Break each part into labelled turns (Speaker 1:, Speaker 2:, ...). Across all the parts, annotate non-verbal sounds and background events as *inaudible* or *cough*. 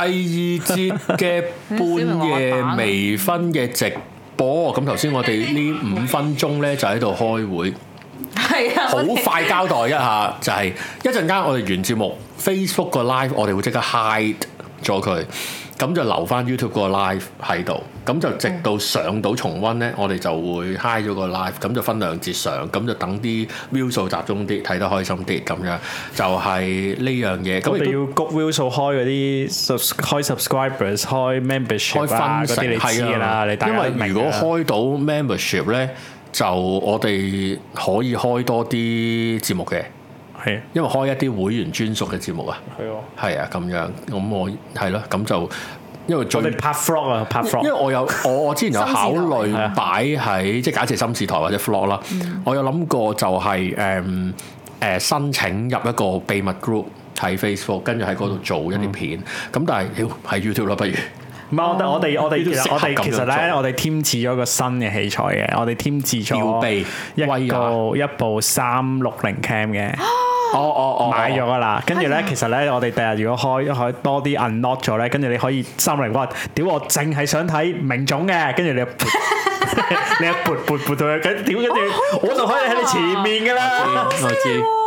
Speaker 1: 第二節嘅半夜微醺嘅直播，咁頭先我哋呢五分鐘呢，就喺度開會，
Speaker 2: 係啊，好快交
Speaker 1: 代一下就係、是、一陣間我哋完節目 *laughs* ，Facebook 個 live 我哋會即刻 hide 咗佢。咁就留翻 YouTube 個 live 喺度，咁就直到上到重温咧，我哋就會 high 咗個 live，咁就分兩節上，咁就等啲 view 數集中啲，睇得開心啲咁樣，就係呢樣嘢。咁你要谷 view 數開嗰啲 sub 開 subscribers 開 membership 開分啲，係啊，啊大因為如果開到 membership 咧，嗯、就我哋可以開多啲節目嘅。係啊，因為開一啲會員專屬嘅節目啊，係啊，係啊，咁樣咁我係咯，咁就因為最拍 vlog 啊，拍 vlog 因為我有我我之前有考慮擺喺即係假設心事台或者 vlog 啦，我有諗過就係誒誒申請入一個秘密 group 喺 Facebook，跟住喺嗰度做一啲片，咁但係喺 YouTube 啦，不如唔係我哋我哋我哋我哋其實咧，我哋添置咗個新嘅器材嘅，我哋添置咗一個一部三六零 cam 嘅。哦哦哦，買咗噶啦，跟住咧，其實咧，我哋第日如果開開多啲 unlock 咗咧，跟住你可以三零八，屌我淨係想睇明種嘅，跟住你一撥撥撥到，跟屌跟住我就可以喺你前面噶啦。我知。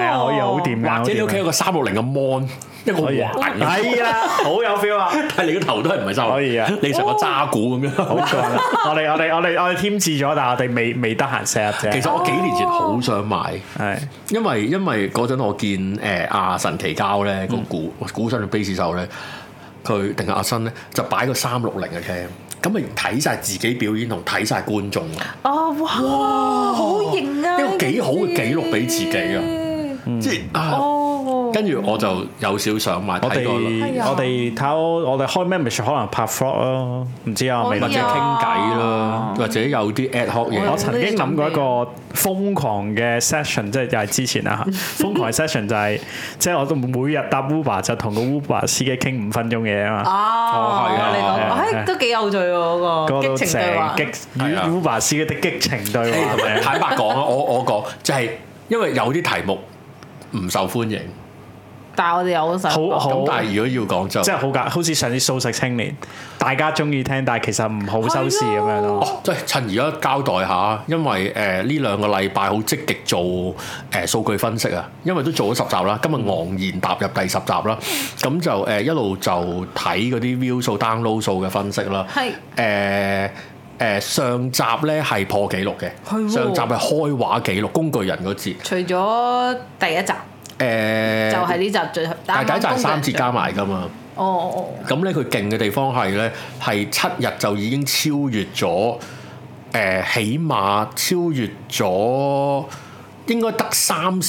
Speaker 1: 係啊，可以好掂嘅，即係你屋企有個三六零嘅 mon，一個係啊，好有 feel 啊！但係你個頭都係唔係就，可以啊！你成個渣鼓咁樣，好啊！我哋我哋我哋我哋添置咗，但係我哋未未得閒 set 啫。其實我幾年前好想買，係因為因為嗰陣我見誒阿神奇交咧個鼓，鼓商嘅 base 手咧，佢定係阿新咧就擺個三六零嘅 cam，咁咪睇晒自己表演同睇晒觀眾
Speaker 2: 啊！哇，好型啊！一個幾
Speaker 1: 好嘅紀錄俾自己啊！即係，跟住我就有少少想買。我哋我哋睇我哋開 membership 可能拍 vlog 咯，唔知啊，或者傾偈啦，或者有啲 ad hoc 嘢我曾經諗過一個瘋狂嘅 session，即係就係之前啦。瘋狂 session 就係即係我都每日搭 Uber 就同個 Uber 司機傾五分鐘嘢啊
Speaker 2: 嘛。哦，係啊，你講，都幾有趣喎，嗰個激情對
Speaker 1: 話，Uber 司機的激情對話。坦白講啊，我我講就係因為有啲題目。唔受歡迎，
Speaker 2: 但係我哋又好想好但係
Speaker 1: 如果要講就即係好噶，好似上次素食青年，大家中意聽，但係其實唔好收視咁樣咯。的哦，即係趁而家交代下，因為誒呢、呃、兩個禮拜好積極做誒、呃、數據分析啊，因為都做咗十集啦，今日昂然踏入第十集啦，咁 *laughs* 就誒、呃、一路就睇嗰啲 view 數、 *laughs* download 數嘅分析啦，係誒的。 *laughs* 呃誒上集咧係破記錄嘅，的上集係開畫記錄工具人嗰節。除
Speaker 2: 咗第一集，誒、呃、就係
Speaker 1: 呢集
Speaker 2: 最，呃、但係第一集三節加埋㗎嘛。哦哦哦。
Speaker 1: 咁咧佢勁嘅地方係咧係七日就已經超越咗，誒、呃、起碼超越咗應該得三。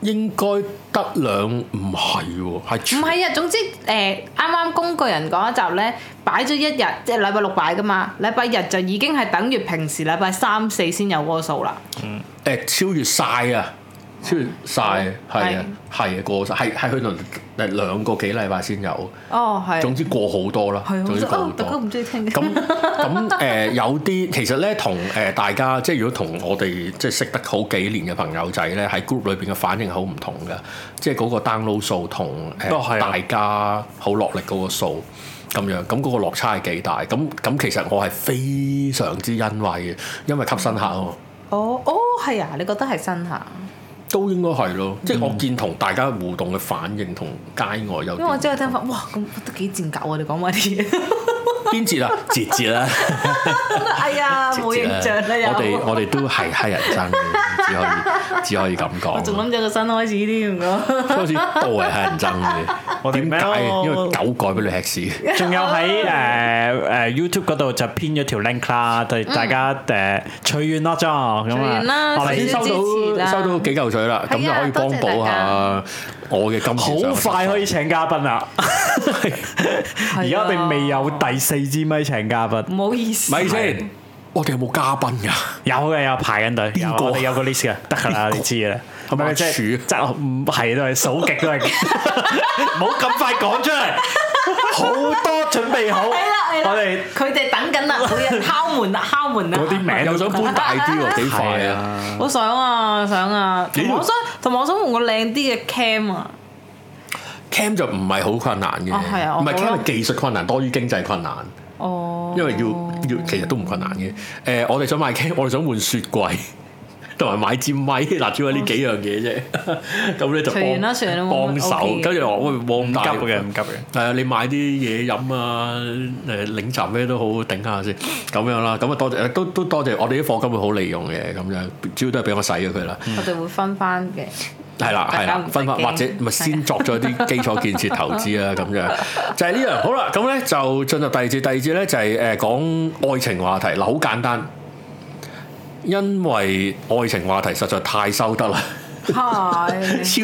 Speaker 1: 應該得兩，唔係喎，係唔係
Speaker 2: 啊？總之誒，啱、呃、啱工具人嗰集咧擺咗一日，即係禮拜六擺㗎嘛，禮拜日就已經係等於平時禮拜三四先有嗰個數啦。
Speaker 1: 嗯，誒、呃、超越晒啊！出晒，係啊，係過晒。係係佢度誒兩個幾禮拜先有
Speaker 2: 哦，係。總之
Speaker 1: 過好多啦，係，總之過好多。大家
Speaker 2: 唔中意聽嘅。咁咁
Speaker 1: 誒有啲其實咧，同誒大家即係如果同我哋即係識得好幾年嘅朋友仔咧，喺 group 裏邊嘅反應好唔同㗎，即係嗰個 download 數同誒大家好落力嗰個數咁樣，咁嗰個落差係幾大？咁咁其實我係非常之欣慰嘅，因為吸新客
Speaker 2: 喎。哦哦，係啊，你覺得係新客？都應該
Speaker 1: 係咯，嗯、即係我見同大家互動嘅反應同街外有啲唔同。因
Speaker 2: 為我真係聽翻，哇！咁都幾賤格喎，你講埋啲嘢。 *laughs*
Speaker 1: 邊節啊？節節啦！
Speaker 2: 哎呀，冇印象啦，我哋我
Speaker 1: 哋都係乞人憎嘅，只可以只可以咁講。我仲諗住
Speaker 2: 個新開始添，開始都係乞人憎嘅。
Speaker 1: 我點解？因為狗改畀你吃屎。仲有喺誒誒 YouTube 嗰度就編咗條 link 啦，對大家誒隨緣啦，咁啊，我哋先收到收到幾嚿水啦，咁就可以幫補下。我嘅金錢好快可以請嘉賓啦！而
Speaker 2: 家我哋未
Speaker 1: 有第四支咪請嘉賓，唔好意思，咪先，我哋有冇嘉賓噶？有嘅，有排緊隊，我哋有個 list 嘅，得噶啦，你知嘅啦，係咪真？真啊，唔係都係數極都係，唔好咁快講出嚟，
Speaker 2: 好多準備好。我哋佢哋等緊啦，佢哋敲門啦，敲門啦。嗰啲 *music* 名又想搬大啲喎，幾快啊！好想啊，想啊，我想同埋、欸、我、我想換個靚啲嘅 cam 啊
Speaker 1: ！cam 就唔係好困難嘅，係啊，唔係、啊、是 cam 係吧技術困難多於經濟困難。哦，因為要要其實都唔困難嘅。誒、呃，我哋想買 cam，我哋想換雪櫃。同埋買支米、辣椒呢幾樣嘢啫，咁咧就算，幫手。跟住我會，唔急嘅，唔急嘅。係啊，你買啲嘢飲啊，誒領雜咩都好，頂下先咁樣啦。咁啊，多謝都都多謝我哋啲課金會好利用嘅咁樣，主要都係俾我使咗佢啦。我
Speaker 2: 哋會分翻嘅，
Speaker 1: 係啦係啦，分翻或者咪先作咗啲基礎建設投資啊咁樣，就係呢樣好啦。咁咧就進入第二節，第二節咧就係誒講愛情話題嗱，好簡單。因為愛情話題實在太收得啦，
Speaker 2: 係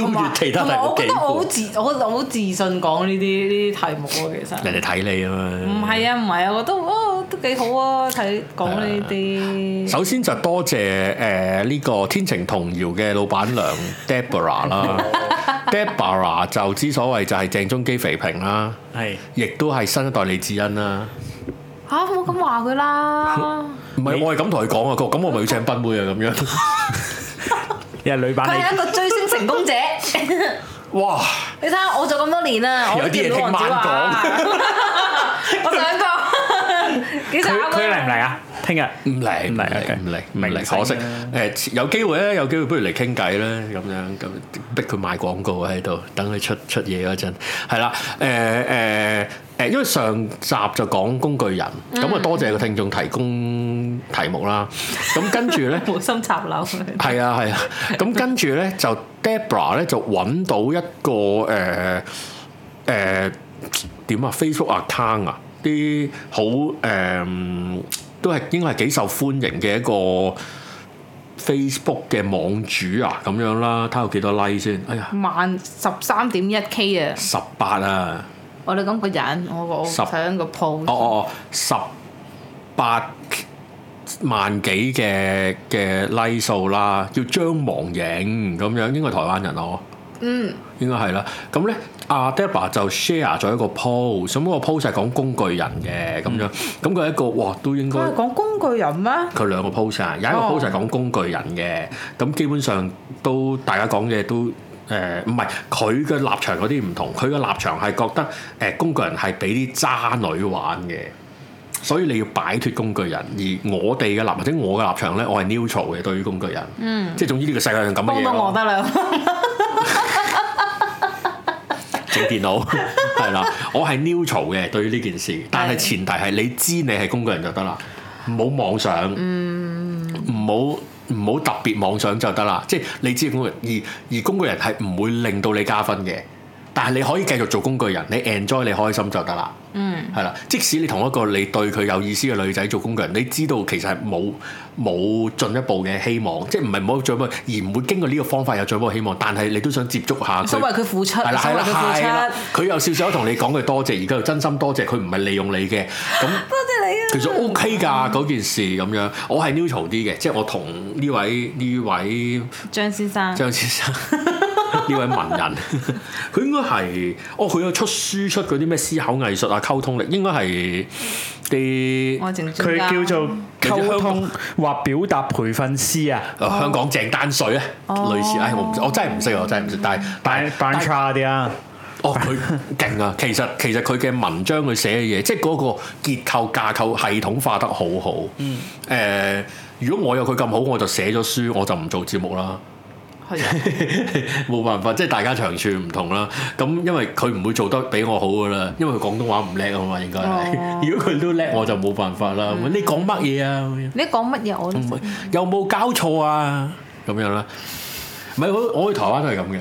Speaker 2: 超越其他題我，我覺得我好自，我好自信講呢啲呢啲題目喎，其實。人哋睇你啊嘛。唔係啊，唔係啊，我覺得、哦、都幾好啊，睇講呢啲。首
Speaker 1: 先就多謝誒呢、呃呢個天晴童謠嘅老闆娘 Deborah 啦，Deborah 就之所謂就係鄭中基肥平啦，係的，亦都係新一代李智恩啦。
Speaker 2: 吓，冇咁話佢啦。
Speaker 1: 唔係，我係咁同佢講啊，咁我咪要請賓妹啊，咁樣。因為女版佢係一個追
Speaker 2: 星成功者。哇！你睇下，我做咁多年啦，我見到黃子華啊，我想過。幾時佢嚟
Speaker 1: 唔嚟啊？聽日唔嚟，唔嚟，唔嚟，唔嚟。可惜，誒，有機會咧，有機會不如嚟傾偈啦。咁樣咁逼佢賣廣告喺度，等佢出出嘢嗰陣，係啦，誒誒。誒，因為上集就講工具人，咁啊、嗯、多謝個聽眾提供題目啦。咁 *laughs* 跟住咧，
Speaker 2: 冇 *laughs* 心插柳。係
Speaker 1: *laughs* 啊，係啊。咁 *laughs* 跟住咧，就 Debra 咧就揾到一個誒誒點啊 Facebook account 啊，啲好誒、呃、都係應該係幾受歡迎嘅一個 Facebook 嘅網主啊，咁樣啦，睇下有幾多 like 先。哎呀，
Speaker 2: 萬十三點一 K、yeah. 啊，
Speaker 1: 十八啊。
Speaker 2: 我哋咁個人，十我我睇
Speaker 1: 緊個 post。哦哦，十八萬幾嘅嘅 like 數啦，叫張望影咁樣，應該台灣人咯。嗯，應該係啦。咁咧，阿、啊、Debra 就 share 咗一個 post，咁個 post 係講工具人嘅咁樣。咁佢、嗯、一個，哇都應該。
Speaker 2: 講工具人咩？
Speaker 1: 佢兩個 post 有一個 post 係講工具人嘅，咁、哦、基本上都大家講嘅都。誒唔係佢嘅立場嗰啲唔同，佢嘅立場係覺得誒、呃、工具人係俾啲渣女玩嘅，所以你要擺脫工具人。而我哋嘅立場，或者我嘅立場咧，我係 neutral 嘅對於工具人。嗯，即係總之呢個世界上咁嘅嘢。幫到得啦。整 *laughs* *laughs* 電腦係啦， *laughs* 我係 neutral 嘅對於呢件事，是但係前提係你知你係工具人就得啦，唔好妄想，唔好、嗯。唔好特別妄想就得啦，即係你知工具人而而工具人係唔會令到你加分嘅，但係你可以繼續做工具人，你 enjoy 你開心就得啦。嗯，係啦，即使你同一個你對佢有意思嘅女仔做工具人，你知道其實係冇。冇進一步嘅希望，即係唔係冇進一步，而唔會經過呢個方法有進一步希望。但係你都想接觸下佢，為佢
Speaker 2: 付出，的為佢付出。
Speaker 1: 佢有笑笑同你講佢多謝，而家又真心多謝，佢唔係利用你嘅。咁多謝你啊。其實 OK 㗎，嗰件事咁樣，我係 neutral 啲嘅，即係我同呢位呢位
Speaker 2: 張先生，張
Speaker 1: 先生呢 *laughs* *laughs* 位文人，佢 *laughs* 應該係哦，佢有出書出嗰啲咩思考藝術啊，溝通力應該係。啲
Speaker 2: 佢叫做溝
Speaker 1: 通或表達培訓師啊，哦、香港鄭丹水啊，哦、類似啊，我我真係唔識，我真係唔識，嗯、但係但係啲啊，哦佢勁 *laughs* 啊，其實其實佢嘅文章佢寫嘅嘢，即係嗰個結構架構系統化得好好，嗯，誒、呃，如果我有佢咁好，我就寫咗書，我就唔做節目啦。冇、啊、 *laughs* 辦法，即係大家長處唔同啦。咁因為佢唔會做得比我好噶啦，因為佢廣東話唔叻啊嘛，應該係。啊、 *laughs* 如果佢都叻，我就冇辦法啦。你講乜嘢啊？
Speaker 2: 你講乜嘢？我
Speaker 1: 有冇交錯啊？咁樣啦，唔係我我喺台灣都係咁嘅。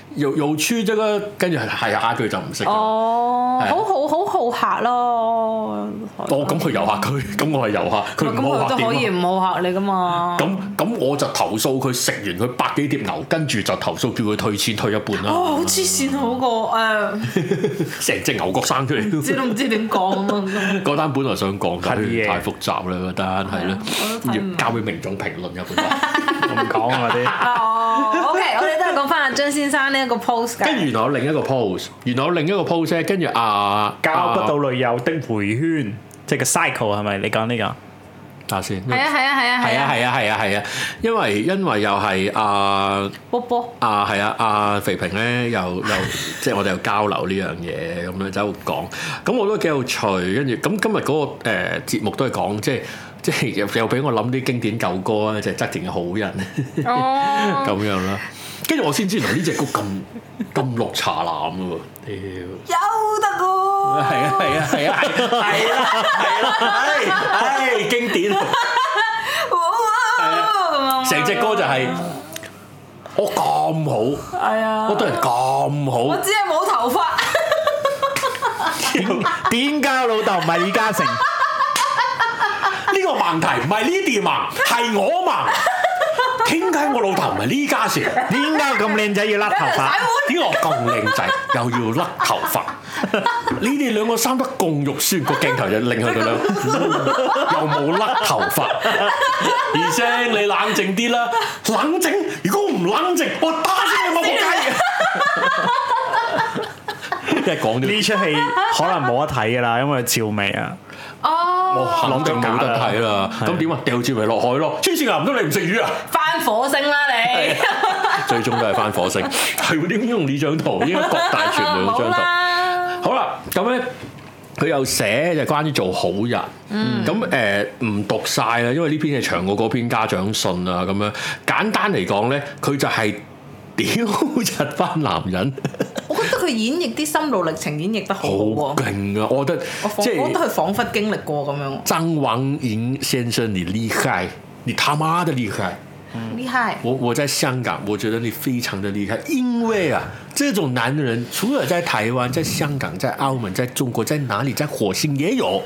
Speaker 1: 又又豬啫㗎，跟住係下佢就唔識。哦，好
Speaker 2: 好好好客咯！哦，咁佢遊客
Speaker 1: 佢，咁我係遊下佢都可以唔
Speaker 2: 好客你㗎嘛。咁
Speaker 1: 咁我就投訴佢食完佢百幾碟牛，跟住就投訴叫佢退錢退一半啦。哦，
Speaker 2: 好黐線，好過誒！
Speaker 1: 成隻牛角生出嚟，都唔知
Speaker 2: 點講咁啊！
Speaker 1: 嗰單本來想講，太複雜啦嗰單，係啦，要交俾民眾評論一般。我唔講啊啲。
Speaker 2: o、oh, k、okay, *laughs* 我哋都係講翻阿張先生呢一個 post，跟住
Speaker 1: 原來有另一個 post 原來有另一個 post，跟住啊，啊交不到女友的回圈，啊、即係個 cycle 係咪？你講呢、這個？打下、啊、先。係
Speaker 2: 啊係啊係啊係啊係
Speaker 1: 啊係啊係啊，因為因為又係阿波波，啊係啊阿、啊啊啊啊啊啊、肥平咧，又又 *laughs* 即係我哋又交流呢樣嘢，咁樣走去講，咁我都幾有趣。跟住咁今日嗰、那個誒、呃、節目都係講即係。即係又又俾我諗啲經典舊歌啦，就係側田嘅好人咁樣啦。跟住我先知原來呢隻歌咁綠茶喎，屌
Speaker 2: 有得喎！係啊係啊係啊係啊係啊係啊！唉唉，經典。成隻歌就係
Speaker 1: 我咁好，
Speaker 2: 係啊，我對人
Speaker 1: 咁好，我
Speaker 2: 只係冇頭髮。點
Speaker 1: 點解我老豆唔係李嘉誠？呢個問題唔係呢啲盲，係我盲。點解我老豆唔係呢家事？點解咁靚仔要甩頭髮？點我咁靚仔又要甩頭髮？你哋兩個生得咁肉酸，個鏡頭就擰向佢兩，又冇甩頭髮。二聲，你冷靜啲啦！冷靜，如果唔冷靜，我
Speaker 2: 打死你冇計。即
Speaker 1: 係講呢出戲可能冇得睇㗎喇，因為趙薇啊。哦，諗、oh, 定揀得睇啦，咁點啊？掉轉咪落海咯！黐線唔通你唔食魚啊？
Speaker 2: 翻火星啦、啊、你！ *laughs*
Speaker 1: *laughs* 最終都係翻火星。係咪應用呢張圖？應該各大傳媒嗰張圖。 *laughs* 好啦，咁咧佢又寫就關於做好人。嗯。咁誒唔讀晒啦，因為呢篇係長過嗰篇家長信啊咁樣。簡單嚟講咧，佢就係屌日翻男人。 *laughs*
Speaker 2: 覺得佢演繹啲心路歷程演繹得好好
Speaker 1: 勁啊！我覺得，即係這都係
Speaker 2: 仿佛經歷
Speaker 1: 過咁樣。張文遠先生，你厲害，你他媽的厲害，嗯、
Speaker 2: 厲害！我
Speaker 1: 我在香港，我覺得你非常的厲害，因為啊。嗯這種男人，除了在台灣、在香港、在澳門、在中國，在哪裡，在火星也有，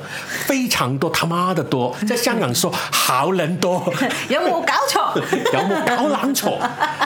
Speaker 1: 非常多，他媽的多。在香港說好人多，有冇搞錯？有冇搞撚錯？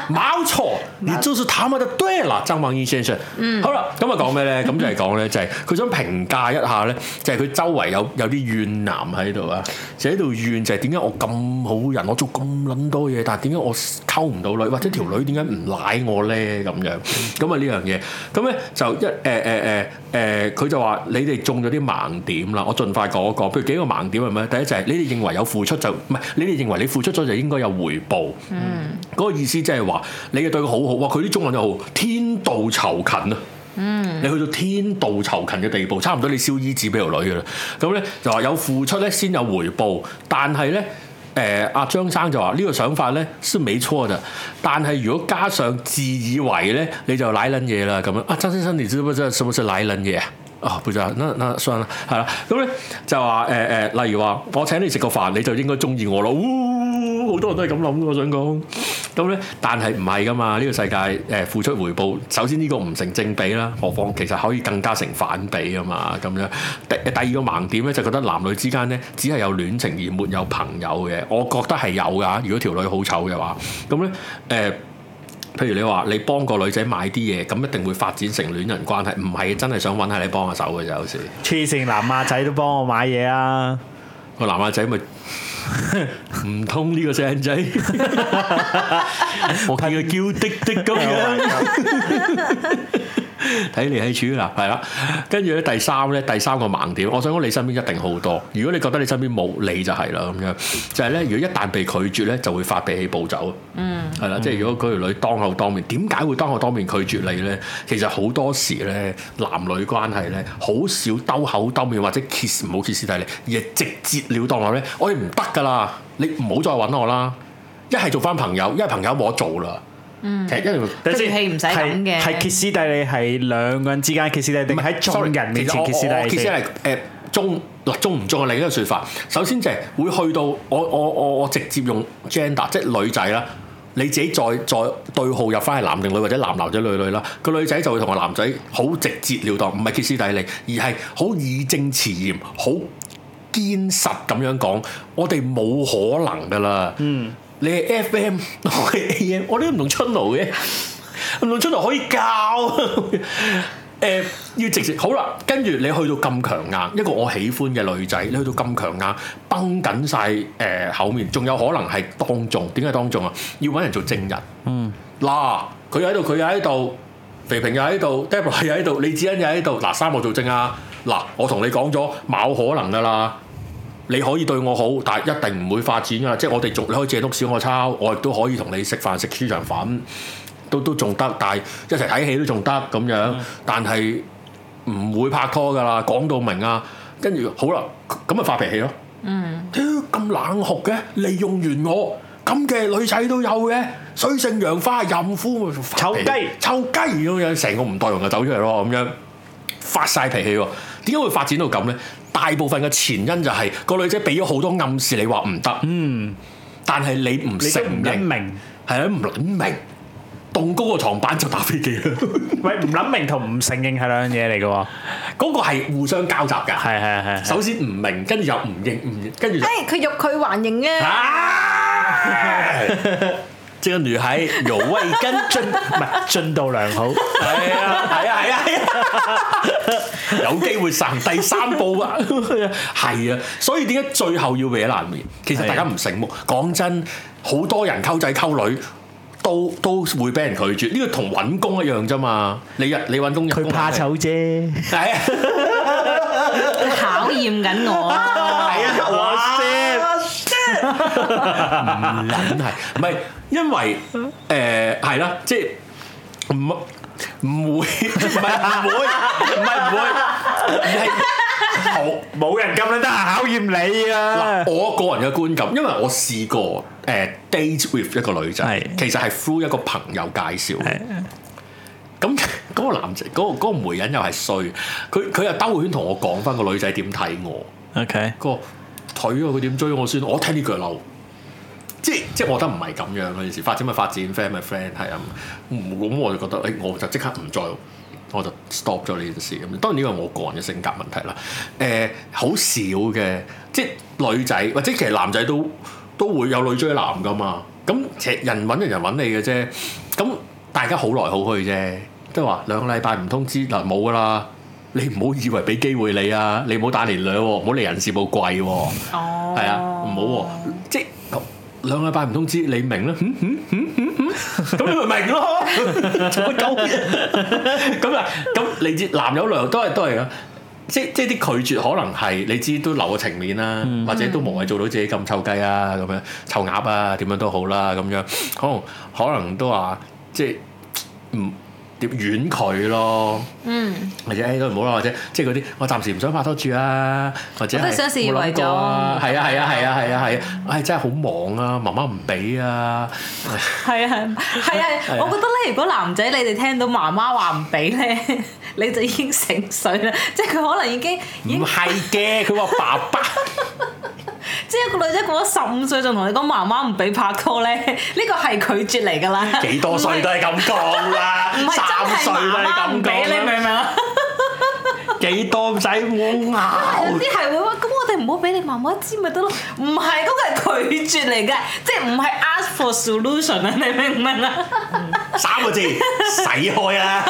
Speaker 1: 冇錯，你就是他媽的對啦，張望一先生。嗯。好啦，咁啊講咩咧？咁就係講咧，就係佢想評價一下咧，就係、是、佢周圍有有啲怨男喺度啊，就喺、是、度怨就係點解我咁好人，我做咁撚多嘢，但係點解我溝唔到女，或者條女點解唔奶我咧咁樣咁。咁啊呢樣嘢，咁、嗯、咧就、欸欸欸欸、就一誒誒誒誒，佢就話你哋中咗啲盲點啦，我盡快講一講。譬如幾個盲點係咩？第一就係你哋認為有付出就唔係，你哋認為你付出咗就應該有回報。
Speaker 2: 嗯，
Speaker 1: 嗰個意思即係話你哋對佢好好，哇！佢啲中文就好，天道酬勤啊。嗯，你去到天道酬勤嘅地步，差唔多你燒衣紙俾條女噶啦。咁、嗯、咧就話有付出咧先有回報，但係咧。誒阿張生就話呢個想法咧係冇錯嘅，但係如果加上自以為咧，你就賴撚嘢啦咁樣。阿張先生，你知唔知係係？識唔識賴撚嘢？哦，佩仔，嗱嗱，算啦，係啦。咁咧就話誒誒，例如話我請你食個飯，你就應該中意我咯。呃好多人都係咁諗嘅，我想講。咁咧，但係唔係㗎嘛？呢個世界誒，付出回報，首先呢個唔成正比啦，何況其實可以更加成反比啊嘛。咁樣第第二個盲點咧，就覺得男女之間咧，只係有戀情而沒有朋友嘅。我覺得係有㗎。如果條女好醜嘅話，咁咧誒，譬如你話你幫個女仔買啲嘢，咁一定會發展成戀人關係，唔係真係想搵下你幫下手嘅啫，好似。黐線，男亞仔都幫我買嘢啊！個男亞仔咪～唔通呢個聲仔， *laughs* 我睇佢嬌滴滴咁樣，睇嚟係處啦，係啦。跟住咧，第三咧，第三個盲點，我想講你身邊一定好多。如果你覺得你身邊冇，你就係啦咁樣。就係、是、咧，如果一旦被拒絕咧，就會發脾氣暴走。嗯係啦，即係如果嗰條女當口當面，點解會當口當面拒絕你咧？其實好多時咧，男女關係咧，好少兜口兜面或者揭唔好歇斯底里，而係直接了當話咧，我哋唔得㗎啦，你唔好再揾我啦。一係做翻朋友，一係朋友冇得做啦。嗯，因為即係唔使揾嘅係歇斯底里係兩個人之間歇斯底里，唔係喺眾人面前歇斯底里。我揭絲係誒中嗱中唔中係另一個說法。首先就係會去到我我我我直接用 gender 即係女仔啦。你自己再再對號入翻係男定女或者男男仔女女啦，個女仔就會同個男仔好直接了當，唔係歇斯底里，而係好義正辭嚴、好堅實咁樣講，我哋冇可能噶啦。嗯，你係 FM，我係 AM，我啲唔同 channel 嘅，唔同 channel 可以教。 *laughs* 誒、呃、要直接好啦，跟住你去到咁強硬，一個我喜歡嘅女仔，你去到咁強硬，崩緊晒誒口面，仲有可能係當眾？點解當眾啊？要揾人做證人。嗯，嗱，佢又喺度，佢又喺度，肥平又喺度 Deborah 又喺度，李子欣又喺度。嗱，三個做證啊！嗱，我同你講咗，冇可能噶啦。你可以對我好，但係一定唔會發展噶啦。即係我哋做，你可以借篤小我抄，我亦都可以同你食飯食豬腸粉。都都仲得，但係一齊睇戲都仲得，咁樣，嗯、但係唔會拍拖噶啦，講到明啊，跟住好啦，咁咪發脾氣咯。嗯，嗯、哎，屌咁冷酷嘅，利用完我咁嘅女仔都有嘅，水性楊花任夫咪臭雞臭雞咁樣，成個唔代容就走出嚟咯，咁樣發晒脾氣喎。點解會發展到咁咧？大部分嘅前因就係、個女仔俾咗好多暗示，你話唔得。嗯，嗯，但係你唔承明，係啊唔諗明。用高個床板就打飛機咯，唔 *laughs* 諗明同唔承認係兩樣嘢嚟嘅喎，嗰個係互相交集㗎。係係係。首先唔明，跟住又唔認唔認，跟住誒
Speaker 2: 佢欲佢還迎啊！
Speaker 1: 這個女孩柔韌跟進，唔係進度良好。
Speaker 2: 係啊係啊係啊！啊，啊啊啊啊
Speaker 1: *laughs* 有機會行第三步啊，係啊，所以點解最後要畀難眠？其實大家唔醒目，講真，好多人溝仔溝女。都都會俾人拒絕，呢個同揾工一樣啫嘛。你日你揾工，佢怕醜啫。係
Speaker 2: 啊，考驗緊我。係啊，我先！唔
Speaker 1: 撚係，唔係因為誒係啦，即係唔唔會，唔係唔會，唔係唔會，而係。冇冇 *laughs* 人咁啦，得閒考驗你啊！嗱，我個人嘅觀感，因為我試過誒 date with 一個女仔，是其實係 through 一個朋友介紹嘅。咁嗰是、嗰個男仔，嗰、嗰個、嗰個媒人又係衰，佢佢又兜圈同我講返個女仔點睇我。OK，個腿佢、啊、點追我先，我聽呢句嬲。即即係我覺得唔係咁樣嗰陣時，發展咪發展，friend 咪 friend，係啊，咁我就覺得誒，我就即刻唔再。我就 stop 咗呢件事咁，當然呢個係我個人嘅性格問題啦。誒、呃，好少嘅，即係女仔或者其實男仔都都會有女追男噶嘛。咁其實人揾人，人找，人揾你嘅啫。咁大家好來好去啫，即係話兩個禮拜唔通知，嗱冇噶啦。你唔好以為俾機會你啊，你唔好打嚟兩、啊，唔好嚟人事部跪喎。哦，係啊，唔、oh. 啊、好喎、啊。即係兩個禮拜唔通知，你明啦。嗯嗯嗯嗯
Speaker 2: 咁你咪明
Speaker 1: 咯，咁啊咁你知男友女友都係都係噶，即即係啲拒絕可能係你知都留個情面啦、啊，嗯、哼或者都無謂做到自己咁臭雞啊，咁樣臭鴨啊，點樣都好啦、啊，咁樣可能可能都話即係唔。掉遠佢咯、嗯或哎，或者都唔好啦，或者即係嗰啲我暫時唔想拍拖住啊。或者都係想示愛咗，係啊係啊係啊係啊係啊，唉真係好忙啊，媽媽唔俾啊，係啊係啊,
Speaker 2: 啊,啊,啊,啊,啊,啊我覺得咧，如果男仔你哋聽到媽媽話唔俾咧，你就已經醒水啦，即係佢可能已經
Speaker 1: 唔係嘅，佢話爸爸。 *laughs*
Speaker 2: 即係個女仔過咗十五歲，就同你講媽媽唔俾拍拖咧，呢個係拒絕嚟㗎啦。幾多歲
Speaker 1: 都係咁講啦，
Speaker 2: 三歲都係咁講，你明唔明啊？
Speaker 1: 幾多
Speaker 2: 仔唔使有啲係會，咁我哋唔好俾你媽媽知咪得咯？唔係，嗰、嗰個係拒絕嚟㗎，即係唔係 ask for solution 啊？你明唔明啊？三個
Speaker 1: 字，使開啦！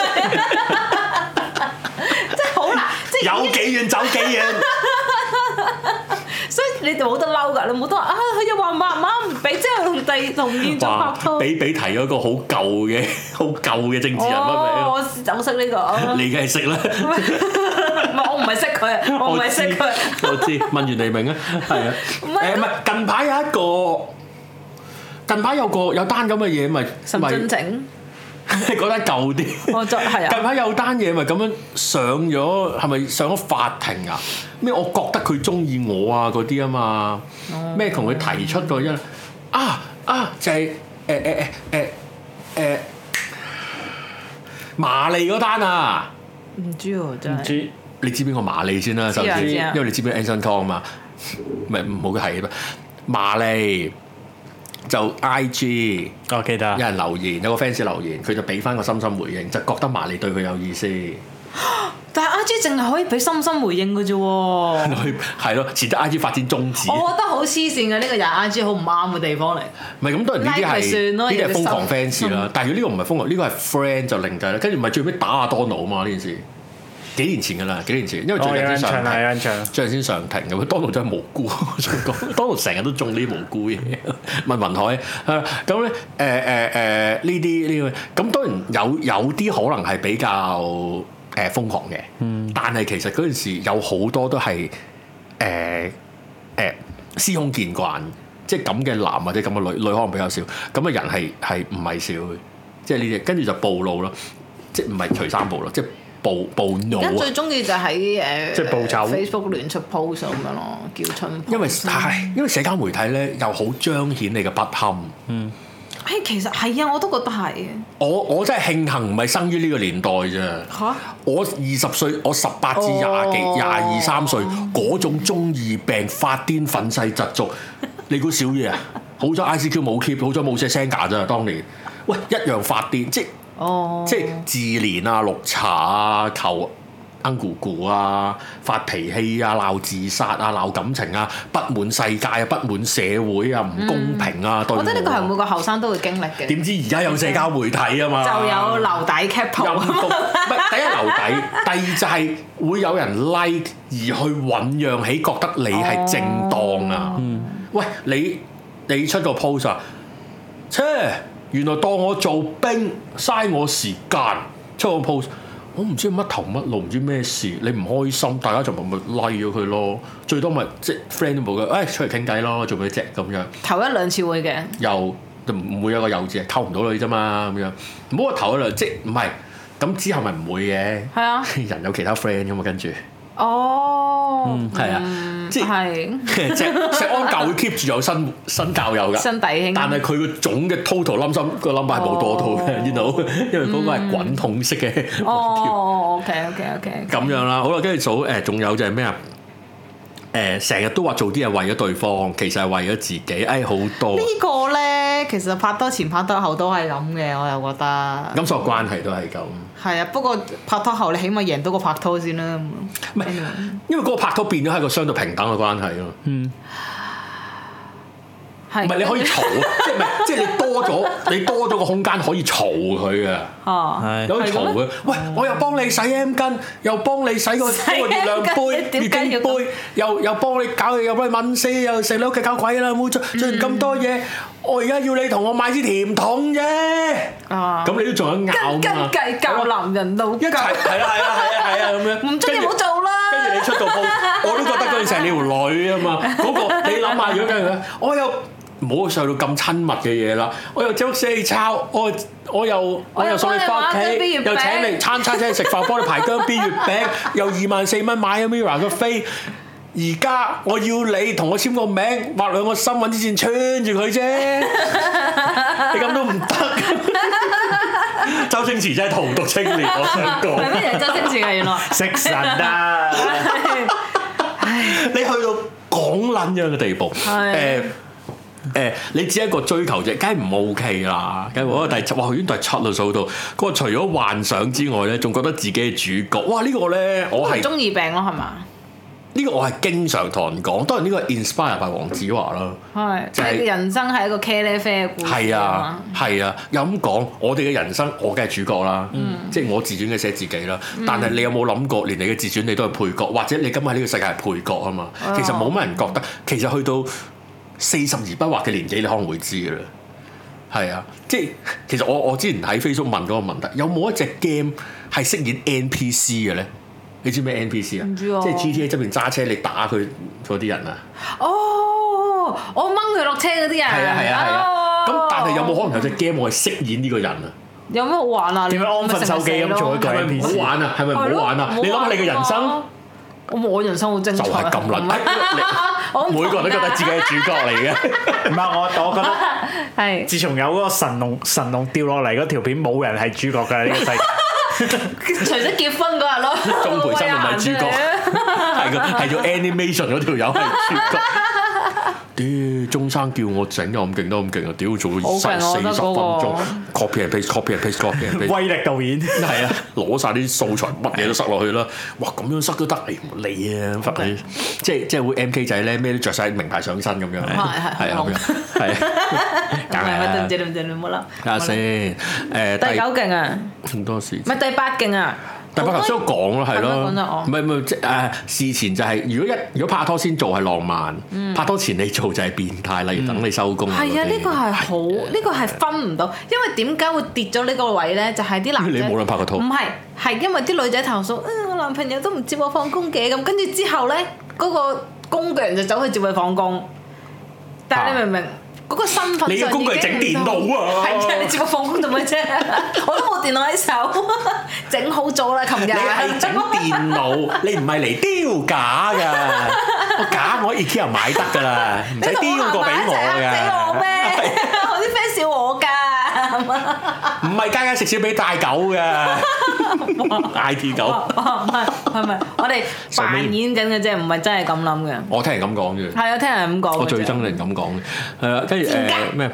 Speaker 2: 即係好難，即係有幾
Speaker 1: 遠走幾遠。
Speaker 2: *laughs* *laughs* 所以你哋冇得嬲噶，你冇得啊！佢又話慢慢唔俾，即係同第同燕再拍拖，
Speaker 1: 俾俾提咗個好舊嘅、好舊嘅政治人物嚟。我我
Speaker 2: 識呢個，你梗係識啦。唔係我唔係識佢，我唔係識佢
Speaker 1: *laughs* 我知。問完你明啊，
Speaker 2: 係啊，誒唔係近排有一
Speaker 1: 個，近排有個,有,個有單咁嘅嘢咪神俊嗰單 *laughs* 舊啲，近排、哦啊、有單嘢咪咁樣上咗，係咪上咗法庭啊？咩？我覺得佢中意我啊，嗰啲啊嘛，咩同佢提出個因、嗯、啊啊，就係誒誒誒誒誒，瑪麗嗰單啊，
Speaker 2: 唔知喎，真係唔知，
Speaker 1: 你知邊個瑪麗先啦、啊？首先、啊，次啊、因為你知邊個 Anson Tong 嘛，咪 *laughs* 唔好嘅係咩？瑪麗。就 I G，我記得有人留言，有個 fans 留言，佢就俾翻個心心回應，就覺得麻利對佢有意思。
Speaker 2: 但係 I G 淨係可以俾心心回應嘅啫喎，
Speaker 1: 係咯， *laughs* 遲得 I G 發展終止。我覺
Speaker 2: 得好黐線嘅呢個人，I G 好唔啱嘅地方嚟。
Speaker 1: 唔係咁，多人呢啲係啲係瘋狂 fans 啦。嗯、但係如果呢個唔係瘋狂，呢、呢個係 friend 就另計啦。跟住唔係最尾打阿多瑙啊嘛呢件事。幾年前㗎喇，幾年前，因為最近先上庭停，最近先上庭嘅，當堂真係無辜，當堂成日都中呢啲無辜嘢。問雲海，咁咧，誒誒誒，呢啲呢個，咁、呃呃、當然有有啲可能係比較誒瘋狂嘅，嗯、但係其實嗰陣時有好多都係誒誒司空見慣，即係咁嘅男或者咁嘅女女可能比較少，咁嘅人係係唔係少、嘅，即係呢啲，跟住就暴露咯，即係唔係除三步咯，即係。步步驟啊！而家最
Speaker 2: 中意就喺
Speaker 1: 誒、呃、Facebook 亂出 post 咁樣咯，叫春。因為係因為社交媒體咧，又好彰顯你嘅不堪。嗯，
Speaker 2: 誒其實係啊，我都覺得係。
Speaker 1: 我我真係慶幸，唔係生於呢個年代啫。嚇、啊！我二十歲，我十八至廿幾、廿二三歲嗰種中二病發癲憤世嫉俗。 *laughs* 你估少嘢啊？好在 ICQ 冇 keep，好在冇寫 sender 咋，當年喂一樣發癲，即哦、即係自憐啊、綠茶啊、求恩、嗯、姑姑啊、發脾氣啊、鬧自殺啊、鬧感情啊、不滿世界啊、不滿社會啊、唔公平啊，對、嗯、我覺得呢個係
Speaker 2: 每個後生都會經歷嘅。點
Speaker 1: 知而家有社交媒體啊嘛，嗯、就有
Speaker 2: 留底 c a p t i 第一留底，
Speaker 1: 第二就係會有人 like 而去醖釀起覺得你係正當啊！哦嗯、喂，你你出個 post，切、啊。原來當我做兵嘥我時間，出個 post 我唔知乜頭乜路，唔知咩事，你唔開心，大家就咪咪拉咗佢咯。最多咪、即係、即 friend 都冇嘅，誒、哎、出嚟傾偈咯，做咩啫咁樣？
Speaker 2: 頭一兩次會嘅，
Speaker 1: 又就唔會有個幼稚，溝唔到女啫嘛咁樣，唔好話頭一兩，即唔係咁之後咪唔會嘅。係啊，人有其他 friend 噶嘛，跟住。
Speaker 2: 哦，係、嗯、啊，嗯、即係石是 *laughs* 石安教
Speaker 1: 會 keep 住有新新教友噶，新弟兄但係佢個總嘅 total number，個 number 係冇多套嘅，見到、哦，因為嗰個係滾筒式嘅。哦
Speaker 2: ，OK，OK，OK。
Speaker 1: 咁樣啦，好啦，跟住數誒，仲、欸、有就係咩啊？誒成日都話做啲嘢為咗對方，其實係為咗自己，誒好多。呢
Speaker 2: 個咧，其實拍拖前，前拍拖後都係咁嘅，我又覺得。咁、嗯嗯、所有關係都係咁。係啊，不過拍拖後你起碼贏到個拍拖先啦。唔、嗯、係，
Speaker 1: 因為嗰個拍拖變咗係一個相對平等嘅關係啊嘛。嗯。唔係你可以嘈，即係唔係即係你多咗，你多咗個空間可以嘈佢嘅。
Speaker 2: 哦，有嘈佢。
Speaker 1: 喂，我又幫你洗 M 巾，又幫你洗個月亮杯、月經杯，又又幫你搞嘢，又幫你搵死，又成日喺屋企搞鬼啦！冇做咁多嘢，我而家要你同我買支甜筒啫。咁你都仲有咬嘛？斤斤計較，
Speaker 2: 男人腦一啊，係啊，係啊，係
Speaker 1: 啊！咁樣唔中意唔好做啦。跟住你出到鋪，我都覺得佢成你條女啊嘛。嗰個你諗下，如果跟住咧，我又。唔好上到咁親密嘅嘢啦！我又接屋企抄，我又我又我又送你翻屋企，又請你餐餐請你食飯，幫你排江邊月餅，又二萬四蚊買咗 Mirror 個飛。而家我要你同我簽個名，畫兩個心，揾支線穿住佢啫。你咁都唔得。周星馳真係荼毒青年，我想講。係邊個
Speaker 2: 周星馳㗎原來？食神啊！你去到
Speaker 1: 講撚樣嘅地步，誒。誒、呃，你只係一個追求者，梗係唔 OK 啦。咁啊，第七哇，居然都係出到數到。嗰個除咗幻想之外咧，仲覺得自己係主角。哇！這個、呢個咧，我係中
Speaker 2: 二病咯，係嘛？
Speaker 1: 呢個我係經常同人講。當然呢個係 inspire 阿黃子華啦。
Speaker 2: 係是，係、就是、人生係一個 carefree 嘅故事。係啊，
Speaker 1: 係啊。又咁講，我哋嘅人生，我梗係主角啦。即係、嗯、我自傳嘅寫自己啦。但係你有冇諗過，連你嘅自傳你都係配角，嗯、或者你今日喺呢個世界係配角啊嘛？其實冇乜人，人覺得。其實去到四十而不惑嘅年紀，你可能會知㗎啦。係啊，即係其實我我之前喺 Facebook 問嗰個問題，有冇一隻 game 係飾演 NPC 嘅咧？你知咩 NPC 啊？唔知即係 GTA 側邊揸車你打佢嗰啲人啊。哦
Speaker 2: ，oh, 我掹佢落車嗰啲人。係啊係啊係啊。咁、啊啊 oh, 但係有冇可能
Speaker 1: 有隻 game 我係飾演呢個人啊？
Speaker 2: 有咩好玩啊？係咪安分守己咁做一角色唔好玩啊？係咪唔好玩啊？玩啊，你諗下你嘅人生。我人生好精彩，就係咁啦，我每個人都覺得自己係主角嚟
Speaker 1: 嘅，唔 *laughs* 係 *laughs* 我我覺得係。自從有嗰個神龍神龍掉落嚟嗰條片，冇人係主角㗎呢個世。
Speaker 2: 除咗結婚嗰日咯，鍾 *laughs* 培生唔係主角，係個係 *laughs* 做 *laughs*
Speaker 1: animation 嗰條友係主角。 *laughs* 屌，鐘生叫我整又咁勁都咁勁啊！屌，做四四十分鐘 copy and paste，copy and paste，copy and paste，威力導演係啊，攞晒啲素材，乜嘢都塞落去啦！哇，咁樣塞都得嚟啊！佛系，即係即係會 MK 仔咧，咩都着晒名牌上身咁樣。係係係啊，係啊，唔係我正正正
Speaker 2: 冇啦。
Speaker 1: 廿四，誒第九勁啊，唔係
Speaker 2: 第八勁啊。但頭先
Speaker 1: 講咯，係咯，唔係唔係，誒、呃、事前就係、是、如果一如果拍拖先做係浪漫，嗯、拍拖前你做就係變態，例如、嗯、等你收工。係啊、嗯，呢、這
Speaker 2: 個係好，呢的個係分唔到，因為點解會跌咗呢個位咧？就係、是、啲男，你冇諗拍過拖？唔係，係因為啲女仔投訴，啊、哎，我男朋友都唔接我放工嘅，咁跟住之後咧，嗰、那個工具人就走去接佢放工。但係你明唔明？啊嗰個身份上已經唔同，係啊！你只不過放工做咩啫？ *laughs* 我都冇電腦喺手，整 *laughs* 好咗啦，琴日你係整
Speaker 1: 電腦， *laughs* 你唔係嚟丟假㗎，假 *laughs* 我 E Q 又買得㗎啦，唔使 *laughs* 丟個俾我㗎。 *laughs* 唔係間間食屎俾大狗嘅，
Speaker 2: 大鐵狗，唔係，係咪？是是 *laughs* 我哋扮演緊嘅啫，唔係後真係咁諗嘅。
Speaker 1: 我聽人咁講嘅，
Speaker 2: 係啊，聽人咁講。我最憎
Speaker 1: 人咁講嘅，係啦 *laughs* 現在，跟住誒咩？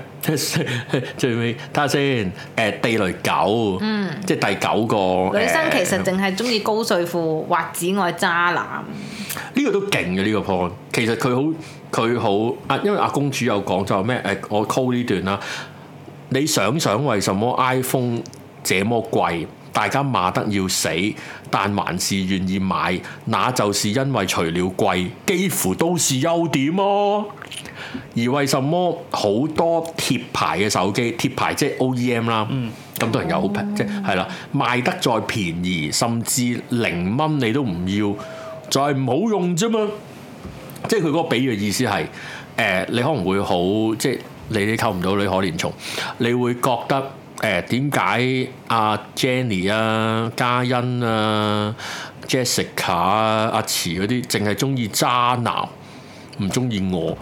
Speaker 1: 最尾睇下先，誒、呃、地雷狗，嗯，即係第九個女生其實
Speaker 2: 淨係中意高帥富或者只愛渣男。
Speaker 1: 呢個都勁嘅，呢個 point，其實佢好，佢好啊，因為阿公主有講就咩？誒，我 call 呢段啦。你想想為什麼 iPhone 這麼貴，大家罵得要死，但還是願意買，那就是因為除了貴，幾乎都是優點啊。而為什麼好多貼牌嘅手機，貼牌即係 OEM 啦，咁、嗯、多人有好平，即係係啦，賣得再便宜，甚至零蚊你都唔要，就係、是、唔好用啫嘛。即係佢嗰個比喻意思係，誒、呃，你可能會好即係。就是你哋溝唔到女可憐蟲，你會覺得誒，點解阿 Jenny 啊、嘉欣啊、Jessica 啊、阿慈嗰啲淨係中意渣男，唔中意我？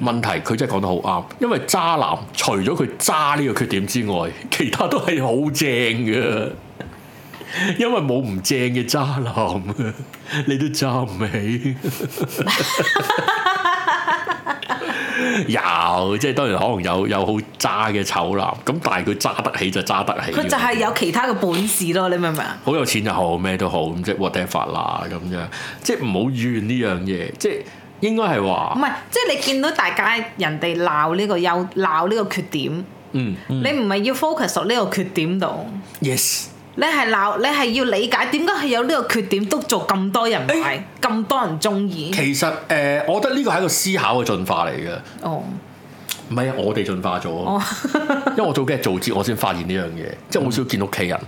Speaker 1: 問題佢真係講得好啱，因為渣男除咗佢渣呢個缺點之外，其他都係好正嘅，因為冇唔正嘅渣男，你都渣唔起。 *laughs* *laughs* 有，即係當然可能有有好渣嘅醜男，咁但係佢渣得起就渣得起。佢就係
Speaker 2: 有其他嘅本事咯，你明唔明
Speaker 1: 啊？好有錢就好咩都好咁，即係 whatever 啦咁樣，即係唔好怨呢樣嘢，即係應該係話唔
Speaker 2: 係，即係你見到大家人哋鬧呢個有鬧呢個缺點，
Speaker 1: 嗯，嗯
Speaker 2: 你唔係要 focus 落呢個缺點度。Yes。你係鬧，你係要理解點解係有呢個缺點都做咁多人買，咁、欸、多人中意。其
Speaker 1: 實誒、呃，我覺得呢個係一個思考嘅進化嚟
Speaker 2: 嘅。
Speaker 1: 哦，唔係啊，我哋進化咗，oh. *laughs*
Speaker 2: 因
Speaker 1: 為我早幾日做節，我先發現呢樣嘢，即係好少見屋企人